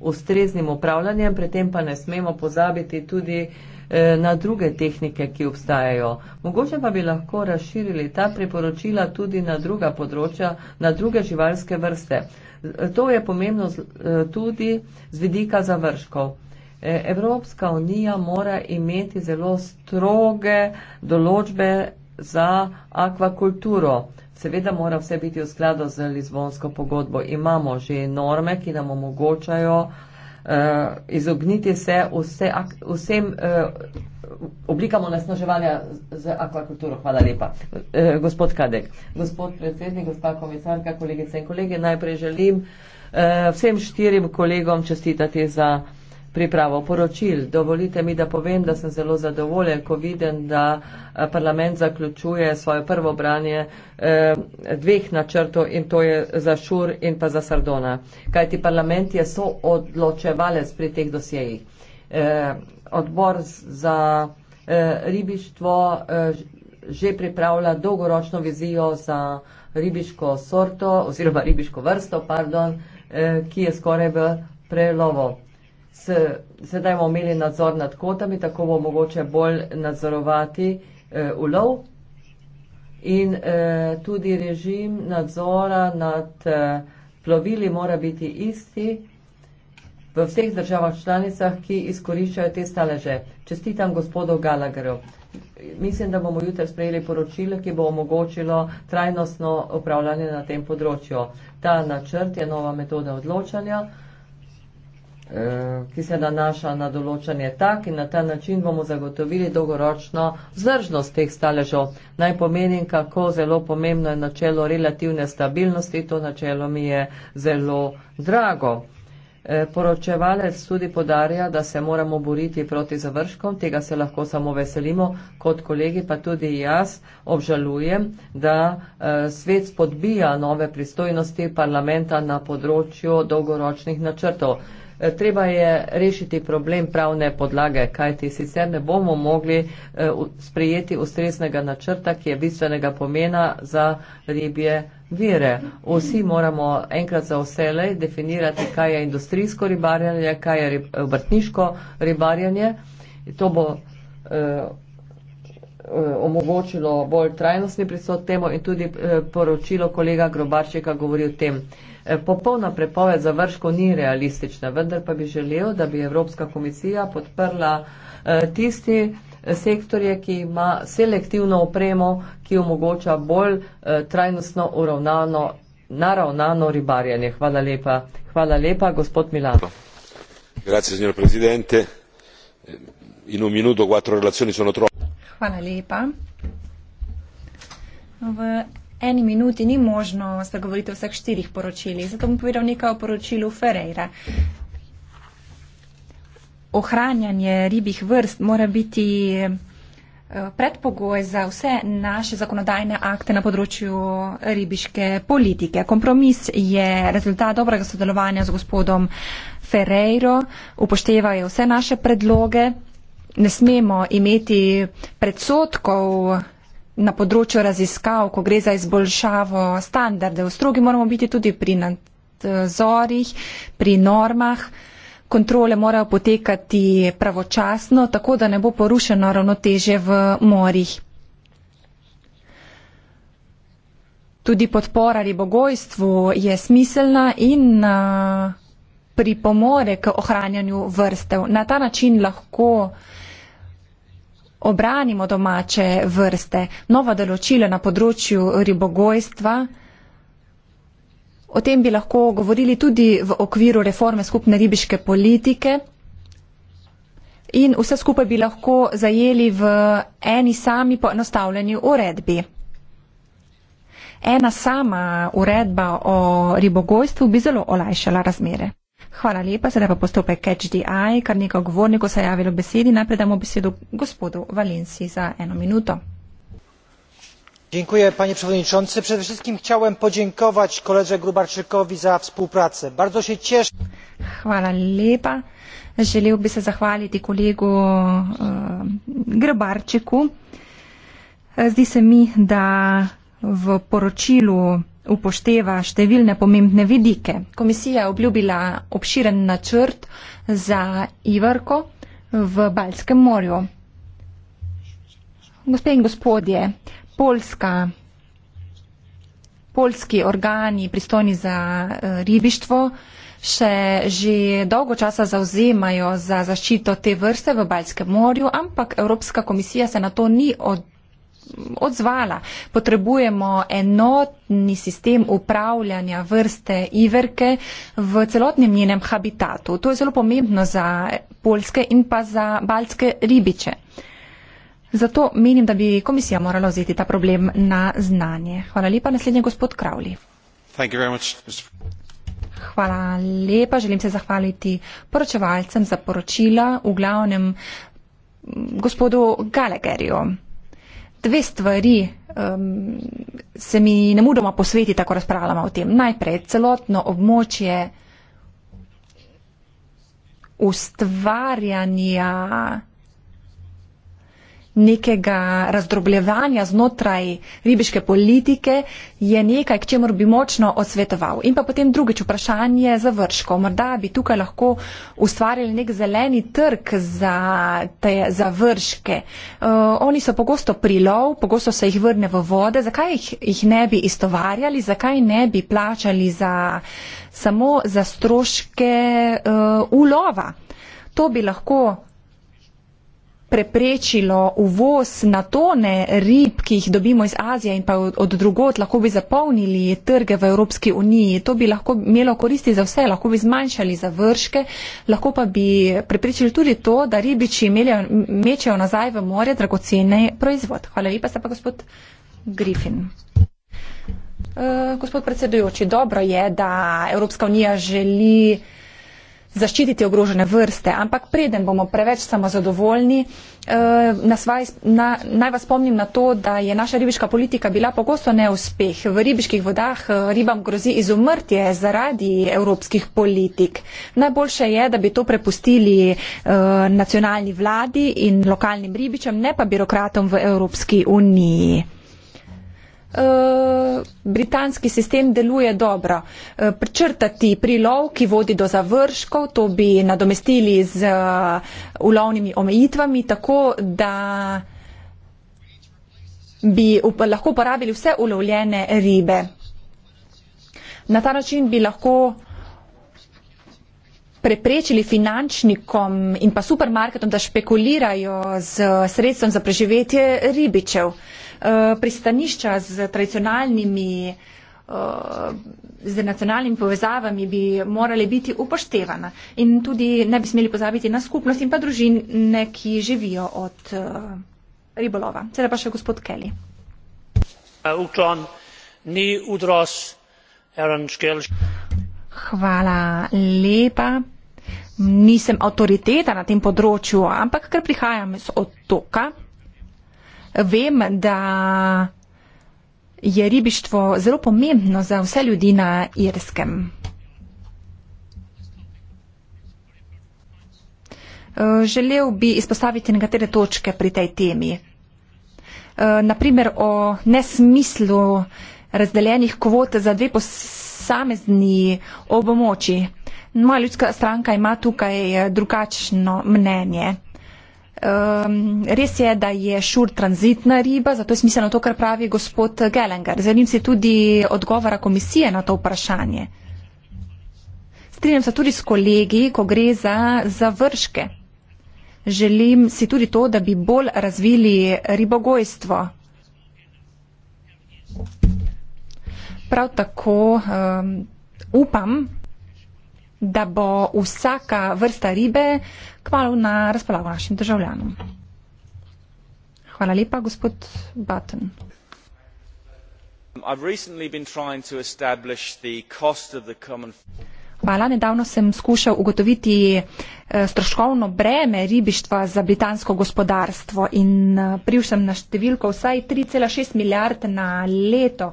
ustreznim upravljanjem, pri tem pa ne smemo pozabiti tudi eh, Eh, na druge tehnike, ki obstajajo. Mogoče pa bi lahko razširili ta priporočila tudi na druga področja, na druge živalske vrste. Eh, to je pomembno eh, tudi z vidika završkov. Evropska unija mora imeti zelo stroge določbe za akvakulturo. Seveda mora vse biti v skladu z Lizbonsko pogodbo. Imamo že norme, ki nam omogočajo uh, uh, izogniti se vse, ak, vsem uh, oblikam onesnaževanja z akvakulturo. Hvala lepa. Uh, gospod Kadek, gospod predsednik, gospa komisarka, kolegice in kolege, najprej želim uh, vsem štirim kolegom čestitati za pripravo poročil. Dovolite mi, da povem, da sem zelo zadovoljen, ko vidim, da eh, parlament zaključuje svoje prvo branje eh, dveh načrtov in to je za Šur in pa za Sardona. Kajti parlament je soodločevalec pri teh dosjejih. Eh, odbor za eh, ribištvo eh, že pripravlja dolgoročno vizijo za ribiško sorto oziroma ribiško vrsto, pardon, eh, ki je skoraj v prelovo sedaj bomo imeli nadzor nad kotami, tako bo mogoče bolj nadzorovati eh, ulov in eh, tudi režim nadzora nad eh, plovili mora biti isti v vseh državah članicah, ki izkoriščajo te staleže. Čestitam gospodu Galagerju. Mislim, da bomo jutri sprejeli poročilo, ki bo omogočilo trajnostno upravljanje na tem področju. Ta načrt je nova metoda odločanja. Eh, ki se nanaša na določanje tak in na ta način bomo zagotovili dolgoročno vzdržnost teh staležev. Naj pomenim, kako zelo pomembno je načelo relativne stabilnosti, to načelo mi je zelo drago. Eh, poročevalec tudi podarja, da se moramo boriti proti završkom, tega se lahko samo veselimo, kot kolegi pa tudi jaz obžalujem, da eh, svet spodbija nove pristojnosti parlamenta na področju dolgoročnih načrtov. Eh, treba je rešiti problem pravne podlage, kajti sicer ne bomo mogli eh, sprejeti ustreznega načrta, ki je bistvenega pomena za ribje vire. Vsi moramo enkrat za vselej definirati, kaj je industrijsko ribarjanje, kaj je vrtniško ribarjanje. To bo eh, omogočilo bolj trajnostni prisot temu in tudi poročilo kolega Grobarčika govori o tem. Eh, popolna prepoved završkov ni realistična, vendar pa bi želel, da bi Evropska komisija podprla eh, tisti eh, sektorje, ki ima selektivno opremo, ki omogoča bolj trajnostno uravnano, naravnano ribarjenje. Hvala lepa. Hvala lepa, gospod Milan. Hvala lepa. V eni minuti ni možno spregovoriti o vseh štirih poročilih. Zato bom povedal nekaj o poročilu Ferreira. Ohranjanje ribih vrst mora biti eh, predpogoj za vse naše zakonodajne akte na področju ribiške politike. Kompromis je rezultat dobrega sodelovanja z gospodom Ferreiro, upoštevajo vse naše predloge, ne smemo imeti predsotkov na področju raziskav, ko gre za izboljšavo standardov. Strogi moramo biti tudi pri nadzorih, pri normah. Kontrole morajo potekati pravočasno, tako da ne bo porušeno ravnoteže v morjih. Tudi podpora ribogojstvu je smiselna in pripomore k ohranjanju vrstev. Na ta način lahko uh, obranimo domače vrste, nova določila na področju ribogojstva. O tem bi lahko govorili tudi v okviru reforme skupne ribiške politike. In vse skupaj bi lahko zajeli v eni sami poenostavljeni uredbi. Ena sama uredba o ribogojstvu bi zelo olajšala razmere. Hvala lepa. Sedaj pa postopek Catch the Eye. Kar nekaj govornikov se je javilo besedi. Najprej damo besedo gospodu Valenci za eno minuto. Dziękuję panie przewodniczący. Przede wszystkim chciałem podziękować koledze Grubarczykowi za współpracę. Bardzo się cieszę. Hvala lepa. Želel bi se zahvaliti kolegu uh, eh, Grbarčiku. Zdi se mi, da v poročilu upošteva številne pomembne vidike. Komisija je obljubila obširen načrt za Ivarko v Balskem morju. Gospe in gospodje, Polska, polski organi pristojni za eh, ribištvo še že dolgo časa zauzemajo za zaščito te vrste v Balskem morju, ampak Evropska komisija se na to ni odločila odzvala. Potrebujemo enotni sistem upravljanja vrste iverke v celotnem njenem habitatu. To je zelo pomembno za polske in pa za baltske ribiče. Zato menim, da bi komisija morala vzeti ta problem na znanje. Hvala lepa, naslednji gospod Kravli. Hvala lepa. Želim se zahvaliti poročevalcem za poročila, v glavnem gospodu Gallagherju dve stvari um, se mi ne mudoma posveti, tako razpravljamo o tem. Najprej celotno območje ustvarjanja nekega razdrobljevanja znotraj ribiške politike je nekaj, k čemor bi močno odsvetoval. In pa potem drugič vprašanje za vrško. Morda bi tukaj lahko ustvarili nek zeleni trg za te za vrške. Uh, oni so pogosto prilov, pogosto se jih vrne v vode. Zakaj jih, jih ne bi istovarjali, zakaj ne bi plačali za, samo za stroške uh, ulova? To bi lahko preprečilo uvoz na tone rib, ki jih dobimo iz Azije in pa od, od drugot, lahko bi zapolnili trge v Evropski uniji. To bi lahko imelo koristi za vse, lahko bi zmanjšali završke, lahko pa bi preprečili tudi to, da ribiči imeljo, mečejo nazaj v morje dragocene proizvod. Hvala lepa, sta pa gospod Griffin. Uh, gospod predsedujoči, dobro je, da Evropska unija želi zaščititi ogrožene vrste. Ampak preden bomo preveč samozadovoljni, eh, naj vas spomnim na to, da je naša ribiška politika bila pogosto neuspeh. V ribiških vodah eh, ribam grozi izumrtje zaradi evropskih politik. Najboljše je, da bi to prepustili eh, nacionalni vladi in lokalnim ribičem, ne pa birokratom v Evropski uniji. Eh, britanski sistem deluje dobro. Eh, Prčrtati prilov, ki vodi do završkov, to bi nadomestili z eh, ulovnimi omejitvami, tako da bi lahko uporabili vse ulovljene ribe. Na ta način bi lahko preprečili finančnikom in pa supermarketom, da špekulirajo z sredstvom za preživetje ribičev. Eh, pristanišča z tradicionalnimi eh, z nacionalnimi povezavami bi morali biti upoštevana in tudi ne bi smeli pozabiti na skupnost in pa družine, ki živijo od eh, ribolova. Sedaj pa še gospod Kelly. Uklon ni udros. Hvala lepa nisem avtoriteta na tem področju, ampak ker prihajam iz otoka, vem, da je ribištvo zelo pomembno za vse ljudi na Irskem. Eh, želel bi izpostaviti nekatere točke pri tej temi. Eh, Naprimer o nesmislu razdeljenih kvot za dve posamezni območji. Moja ljudska stranka ima tukaj eh, drugačno mnenje. Um, res je, da je šur tranzitna riba, zato je smiselno to, kar pravi gospod Gelengar. Zanim se tudi odgovora komisije na to vprašanje. Strinjam se tudi s kolegi, ko gre za završke. Želim si tudi to, da bi bolj razvili ribogojstvo. Prav tako um, upam, da bo vsaka vrsta ribe kmalo na razpolago našim državljanom. Hvala lepa, gospod Button. Hvala. Nedavno sem skušal ugotoviti eh, stroškovno breme ribištva za britansko gospodarstvo in eh, prišel sem na številko vsaj 3,6 milijard na leto.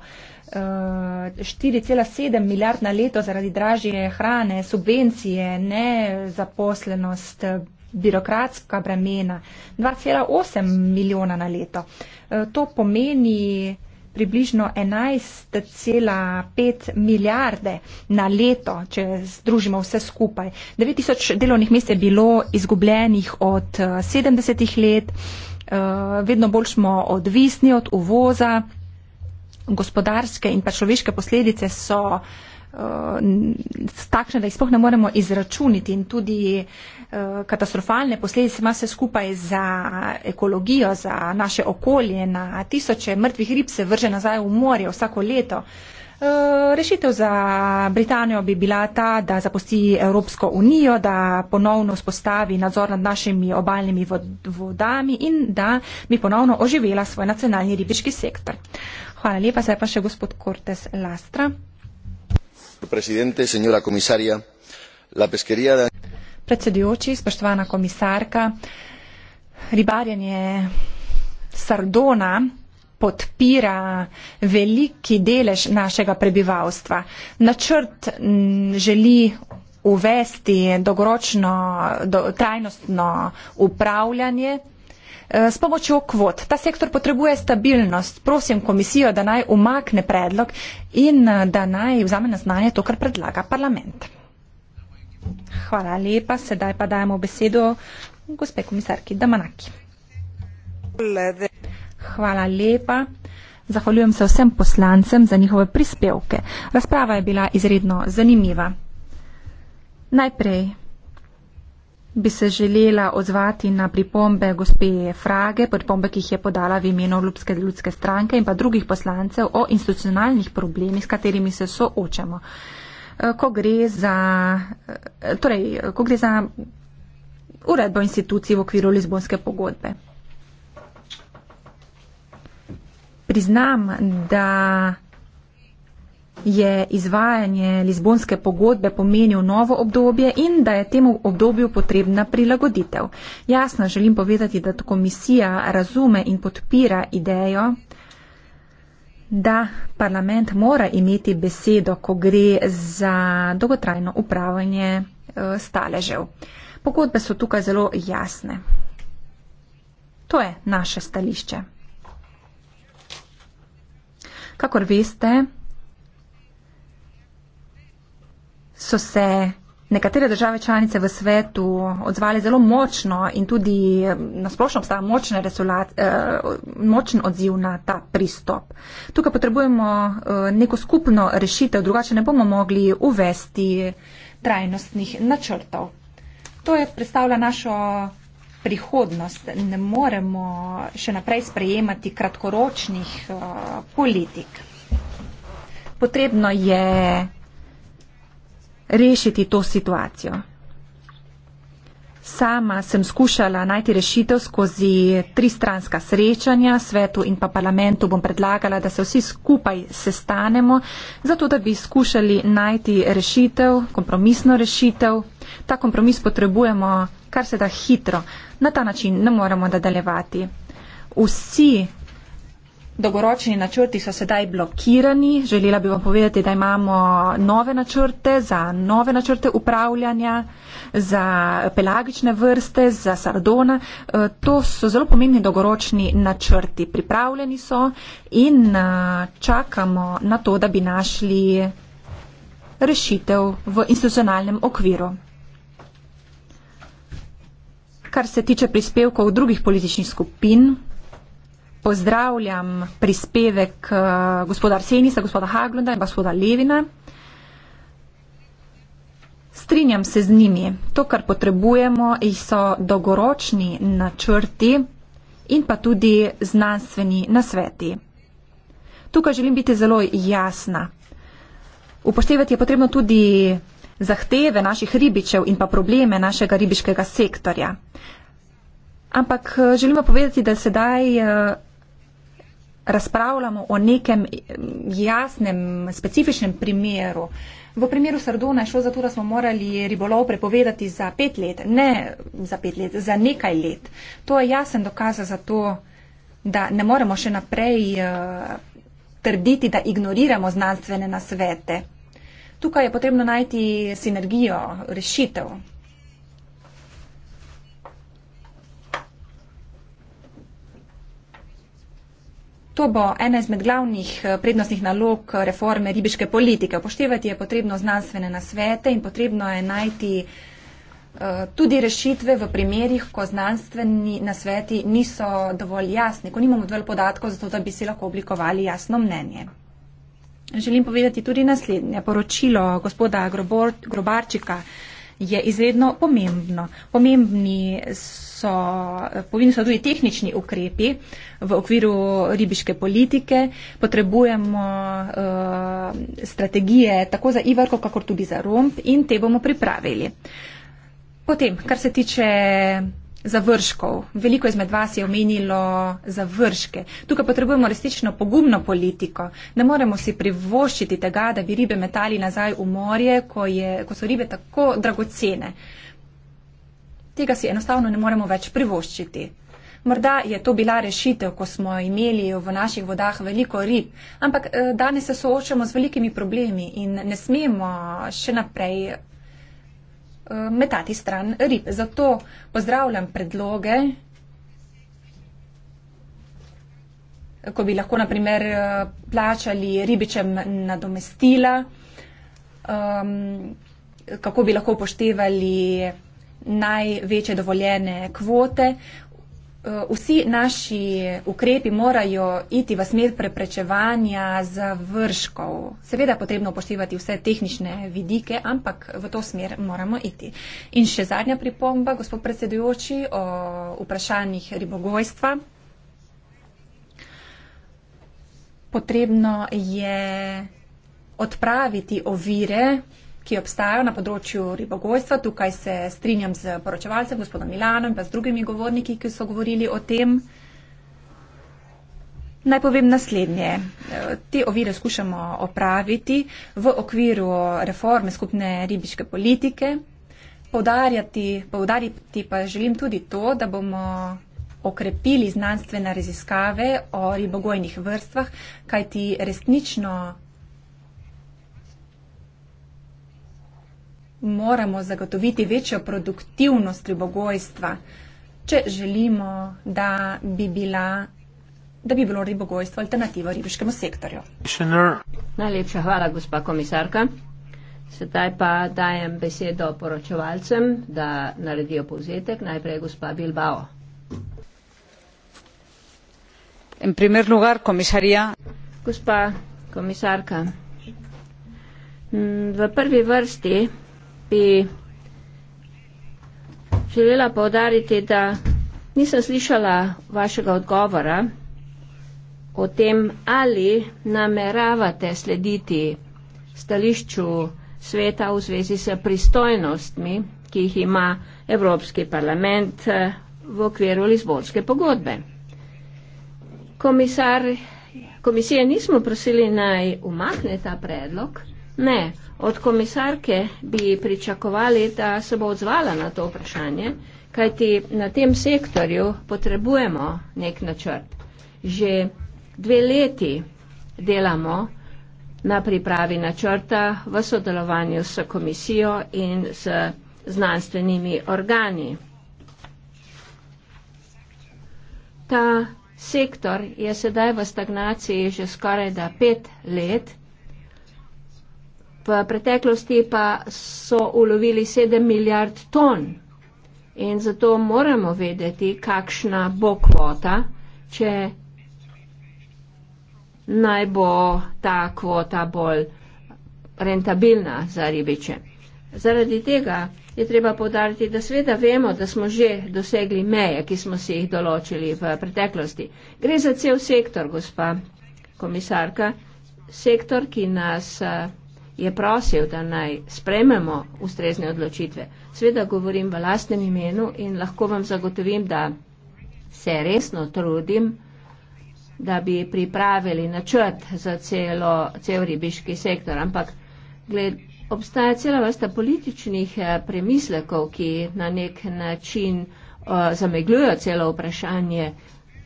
4,7 milijard na leto zaradi dražje hrane, subvencije, nezaposlenost, birokratska bremena, 2,8 milijona na leto. E, to pomeni približno 11,5 milijarde na leto, če združimo vse skupaj. 9000 delovnih mest je bilo izgubljenih od 70-ih e, let, e, vedno bolj smo odvisni od uvoza gospodarske in pa človeške posledice so uh, takšne, da jih spoh ne moremo izračuniti in tudi uh, katastrofalne posledice ima vse skupaj za ekologijo, za naše okolje, na tisoče mrtvih rib se vrže nazaj v morje vsako leto. Eh, rešitev za Britanijo bi bila ta, da zapusti Evropsko unijo, da ponovno spostavi nadzor nad našimi obaljnimi vodami in da bi ponovno oživela svoj nacionalni ribiški sektor. Hvala lepa. Zdaj pa še gospod Cortes Lastra. Predsedujoči, spoštovana komisarka, ribarjenje sardona podpira veliki delež našega prebivalstva. Načrt želi uvesti dolgoročno, do, trajnostno upravljanje Eh, s pomočjo kvot. Ta sektor potrebuje stabilnost. Prosim komisijo, da naj umakne predlog in eh, da naj vzame na znanje to, kar predlaga parlament. Hvala lepa. Sedaj pa dajemo besedo gospe komisarki Damanaki. Hvala lepa. Zahvaljujem se vsem poslancem za njihove prispevke. Razprava je bila izredno zanimiva. Najprej bi se želela odzvati na pripombe gospeje Frage, pripombe, ki jih je podala v imenu Ljubske ljudske stranke in pa drugih poslancev o institucionalnih problemih, s katerimi se soočamo. Eh, ko gre za, eh, torej, eh, ko gre za uredbo institucij v okviru Lizbonske pogodbe. Priznam, da je izvajanje Lizbonske pogodbe pomenil novo obdobje in da je temu obdobju potrebna prilagoditev. Jasno želim povedati, da komisija razume in podpira idejo, da parlament mora imeti besedo, ko gre za dolgotrajno upravljanje eh, staležev. Pogodbe so tukaj zelo jasne. To je naše stališče. Kakor veste, so se nekatere države članice v svetu odzvali zelo močno in tudi um, nasplošno obstaja eh, močen odziv na ta pristop. Tukaj potrebujemo eh, neko skupno rešitev, drugače ne bomo mogli uvesti trajnostnih načrtov. To je predstavlja našo prihodnost. Ne moremo še naprej sprejemati kratkoročnih eh, politik. Potrebno je rešiti to situacijo. Sama sem skušala najti rešitev skozi tristranska srečanja, svetu in pa parlamentu bom predlagala, da se vsi skupaj sestanemo, zato da bi skušali najti rešitev, kompromisno rešitev. Ta kompromis potrebujemo kar se da hitro. Na ta način ne moremo nadaljevati. Vsi Dogoročni načrti so sedaj blokirani. Želela bi vam povedati, da imamo nove načrte za nove načrte upravljanja, za pelagične vrste, za sardona. E, to so zelo pomembni dogoročni načrti. Pripravljeni so in e, čakamo na to, da bi našli rešitev v institucionalnem okviru. Kar se tiče prispevkov drugih političnih skupin, Pozdravljam prispevek eh, gospoda Arsenisa, gospoda Haglunda in gospoda Levina. Strinjam se z njimi. To, kar potrebujemo, so dolgoročni načrti in pa tudi znanstveni nasveti. Tukaj želim biti zelo jasna. Upoštevati je potrebno tudi zahteve naših ribičev in pa probleme našega ribiškega sektorja. Ampak eh, želimo povedati, da sedaj eh, razpravljamo o nekem jasnem, specifičnem primeru. V primeru Sardona je šlo za to, da smo morali ribolov prepovedati za pet let, ne za pet let, za nekaj let. To je jasen dokaz za to, da ne moremo še naprej uh, trditi, da ignoriramo znanstvene nasvete. Tukaj je potrebno najti sinergijo, rešitev. To bo ena izmed glavnih eh, prednostnih nalog eh, reforme ribiške politike. Upoštevati je potrebno znanstvene nasvete in potrebno je najti eh, tudi rešitve v primerjih, ko znanstveni nasveti niso dovolj jasni, ko nimamo dovolj podatkov, zato da bi si lahko oblikovali jasno mnenje. Želim povedati tudi naslednje poročilo gospoda Grobarčika. Grobor je izredno pomembno. Pomembni so, pomembni so tudi tehnični ukrepi v okviru ribiške politike. Potrebujemo uh, strategije tako za Ivarko, kakor tudi za Romp in te bomo pripravili. Potem, kar se tiče završkov. Veliko izmed vas je omenilo završke. Tukaj potrebujemo resnično pogumno politiko. Ne moremo si privoščiti tega, da bi ribe metali nazaj v morje, ko, je, ko so ribe tako dragocene. Tega si enostavno ne moremo več privoščiti. Morda je to bila rešitev, ko smo imeli v naših vodah veliko rib, ampak eh, danes se soočamo z velikimi problemi in ne smemo še naprej Eh, metati stran rib. Zato pozdravljam predloge, ko bi lahko naprimer eh, plačali ribičem nadomestila, um, kako bi lahko upoštevali največje dovoljene kvote. Eh, vsi naši ukrepi morajo iti v smer preprečevanja završkov. Seveda potrebno upoštevati vse tehnične vidike, ampak v to smer moramo iti. In še zadnja pripomba, gospod predsedujoči, o vprašanjih ribogojstva. Potrebno je odpraviti ovire ki obstajajo na področju ribogojstva. Tukaj se strinjam z poročevalcem, gospodom Milanom in pa z drugimi govorniki, ki so govorili o tem. Naj povem naslednje. Te ovire skušamo opraviti v okviru reforme skupne ribiške politike. Povdarjati pa želim tudi to, da bomo okrepili znanstvene raziskave o ribogojnih vrstvah, kajti resnično moramo zagotoviti večjo produktivnost ribogojstva, če želimo, da bi bila da bi bilo ribogojstvo alternativo ribiškemu sektorju. Najlepša hvala, gospa komisarka. Sedaj pa dajem besedo poročevalcem, da naredijo povzetek. Najprej gospa Bilbao. Lugar, komisarija. Gospa komisarka, v prvi vrsti bi želela povdariti, da nisem slišala vašega odgovora o tem, ali nameravate slediti stališču sveta v zvezi s pristojnostmi, ki jih ima Evropski parlament eh, v okviru Lizbonske pogodbe. Komisar, komisije nismo prosili naj umakne ta predlog. Ne, Od komisarke bi pričakovali, da se bo odzvala na to vprašanje, kajti na tem sektorju potrebujemo nek načrt. Že dve leti delamo na pripravi načrta v sodelovanju s komisijo in s znanstvenimi organi. Ta sektor je sedaj v stagnaciji že skoraj da pet let v preteklosti pa so ulovili 7 milijard ton. In zato moramo vedeti, kakšna bo kvota, če naj bo ta kvota bolj rentabilna za ribiče. Zaradi tega je treba podariti, da sveda vemo, da smo že dosegli meje, ki smo si jih določili v preteklosti. Gre za cel sektor, gospa komisarka, sektor, ki nas. Uh, je prosil, da naj sprememo ustrezne odločitve. Sveda govorim v lastnem imenu in lahko vam zagotovim, da se resno trudim, da bi pripravili načrt za celo, cel ribiški sektor. Ampak gled, obstaja cela vrsta političnih eh, premislekov, ki na nek način uh, eh, zamegljujo celo vprašanje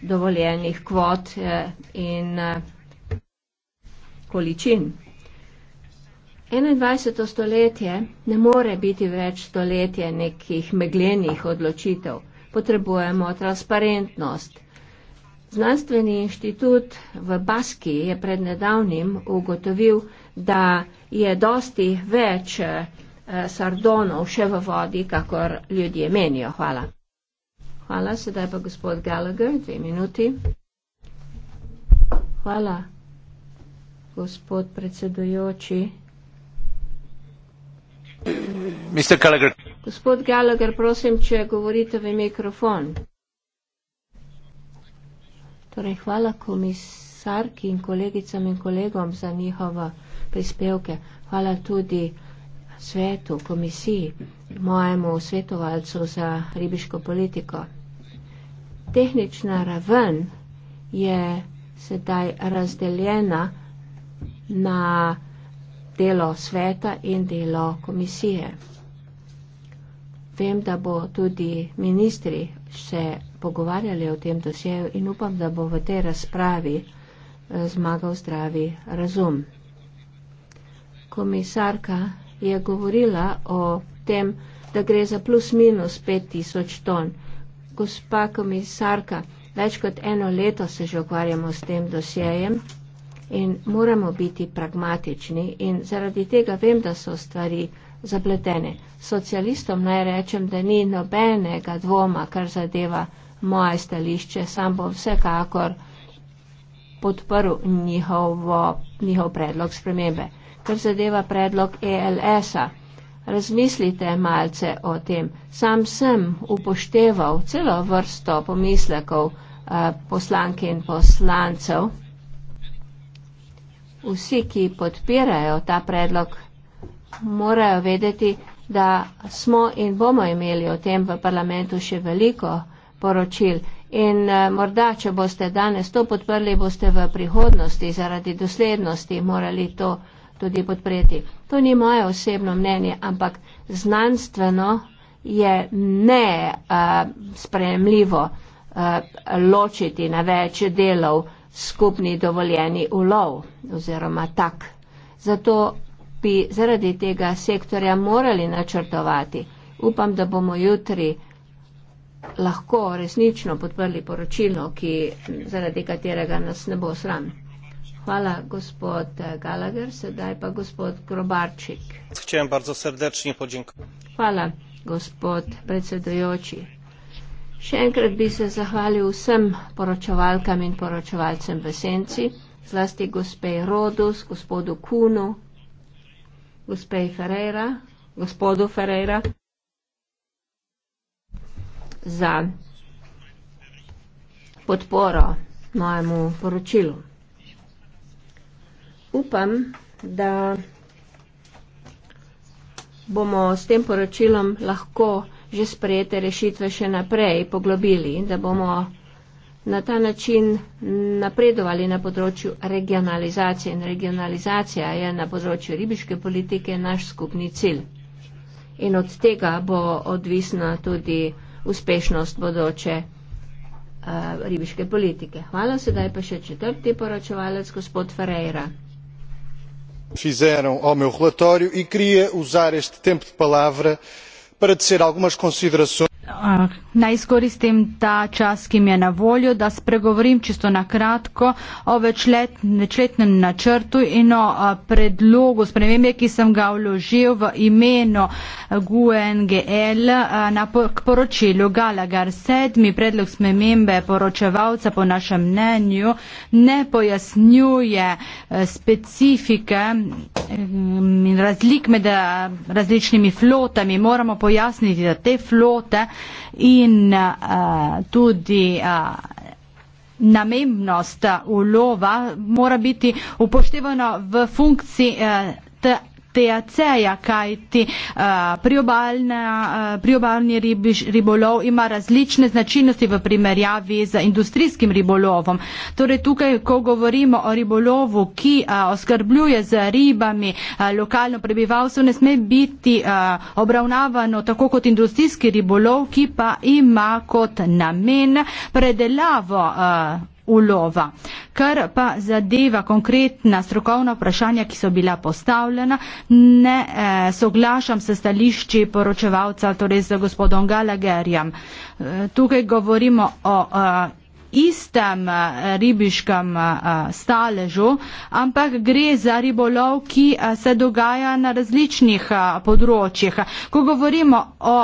dovoljenih kvot uh, in uh, količin. 21. stoletje ne more biti več stoletje nekih meglenih odločitev. Potrebujemo transparentnost. Znanstveni inštitut v Baski je pred nedavnim ugotovil, da je dosti več eh, sardonov še v vodi, kakor ljudje menijo. Hvala. Hvala, sedaj pa gospod Gallagher, dve minuti. Hvala, gospod predsedujoči. Gospod Gallagher, prosim, če govorite v mikrofon. Torej, hvala komisarki in kolegicam in kolegom za njihove prispevke. Hvala tudi svetu, komisiji, mojemu svetovalcu za ribiško politiko. Tehnična raven je sedaj razdeljena na delo sveta in delo komisije. Vem, da bo tudi ministri se pogovarjali o tem dosjeju in upam, da bo v tej razpravi eh, zmagal zdravi razum. Komisarka je govorila o tem, da gre za plus minus 5000 ton. Gospa komisarka, več kot eno leto se že ukvarjamo s tem dosjejem in moramo biti pragmatični in zaradi tega vem, da so stvari zapletene. Socialistom naj rečem, da ni nobenega dvoma, kar zadeva moje stališče, sam bom vsekakor podprl njihovo, njihov predlog spremembe. Kar zadeva predlog ELS-a, razmislite malce o tem. Sam sem upošteval celo vrsto pomislekov eh, poslanke in poslancev vsi, ki podpirajo ta predlog, morajo vedeti, da smo in bomo imeli o tem v parlamentu še veliko poročil. In eh, morda, če boste danes to podprli, boste v prihodnosti zaradi doslednosti morali to tudi podpreti. To ni moje osebno mnenje, ampak znanstveno je ne uh, eh, spremljivo uh, eh, ločiti na več delov uh, skupni dovoljeni ulov oziroma tak. Zato bi zaradi tega sektorja morali načrtovati. Upam, da bomo jutri lahko resnično podprli poročilo, ki, zaradi katerega nas ne bo sram. Hvala, gospod Gallagher, sedaj pa gospod Grobarčik. Hvala, gospod predsedujoči. Še enkrat bi se zahvalil vsem poročevalkam in poročevalcem v Senci, zlasti gospej Rodus, gospodu Kunu, gospej Ferreira, gospodu Ferreira, za podporo mojemu poročilu. Upam, da bomo s tem poročilom lahko že sprejete rešitve še naprej poglobili, da bomo na ta način napredovali na področju regionalizacije in regionalizacija je na področju ribiške politike naš skupni cilj. In od tega bo odvisna tudi uspešnost bodoče uh, ribiške politike. Hvala, sedaj pa še četrti poročevalec, gospod Ferreira. Fizeram o meu relatório e queria usar este tempo de palavra uh, para tecer algumas considerações uh, naj izkoristim ta čas, ki mi je na voljo, da spregovorim čisto na kratko o večlet, večletnem načrtu in o uh, predlogu spremembe, ki sem ga vložil v imeno GUNGL uh, k poročilu Galagar. Sedmi predlog spremembe poročevalca po našem mnenju ne pojasnjuje uh, specifike in um, razlik med uh, različnimi flotami. Moramo pojasniti, da te flote uh, in uh, tudi uh, namembnost eh, ulova mora biti upoštevana v funkciji eh, THC-ja, kaj ti priobalni ribolov ima različne značilnosti v primerjavi z industrijskim ribolovom. Torej tukaj, ko govorimo o ribolovu, ki eh, oskrbljuje z ribami eh, lokalno prebivalstvo, ne sme biti eh, obravnavano tako kot industrijski ribolov, ki pa ima kot namen predelavo ulova. Kar pa zadeva konkretna strokovna vprašanja, ki so bila postavljena, ne eh, soglašam se stališči poročevalca, torej z gospodom Galagerjem. Eh, tukaj govorimo o eh, istem eh, ribiškem eh, staležu, ampak gre za ribolov, ki eh, se dogaja na različnih področjih. Ko govorimo o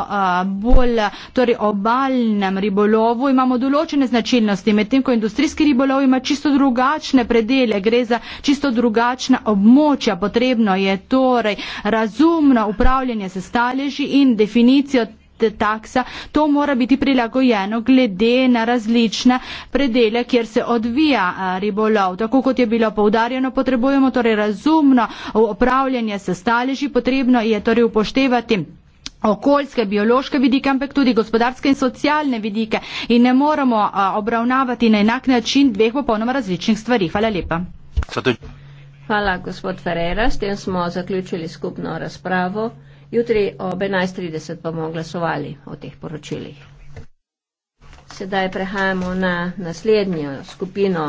bolj torej obalnem ribolovu, imamo določene značilnosti, medtem ko industrijski ribolov ima čisto drugačne predele, gre za čisto drugačna območja. Potrebno je torej razumno upravljanje se staleži in definicijo taksa, to mora biti prilagojeno glede na različne predele, kjer se odvija ribolov. Tako kot je bilo povdarjeno, potrebujemo torej razumno upravljanje s staleži, potrebno je torej upoštevati okoljske, biološke vidike, ampak tudi gospodarske in socialne vidike in ne moramo obravnavati na enak način dveh popolnoma različnih stvari. Hvala lepa. Hvala, gospod Ferreira. S tem smo zaključili skupno razpravo. Jutri ob 11.30 bomo glasovali o teh poročilih. Sedaj prehajamo na naslednjo skupino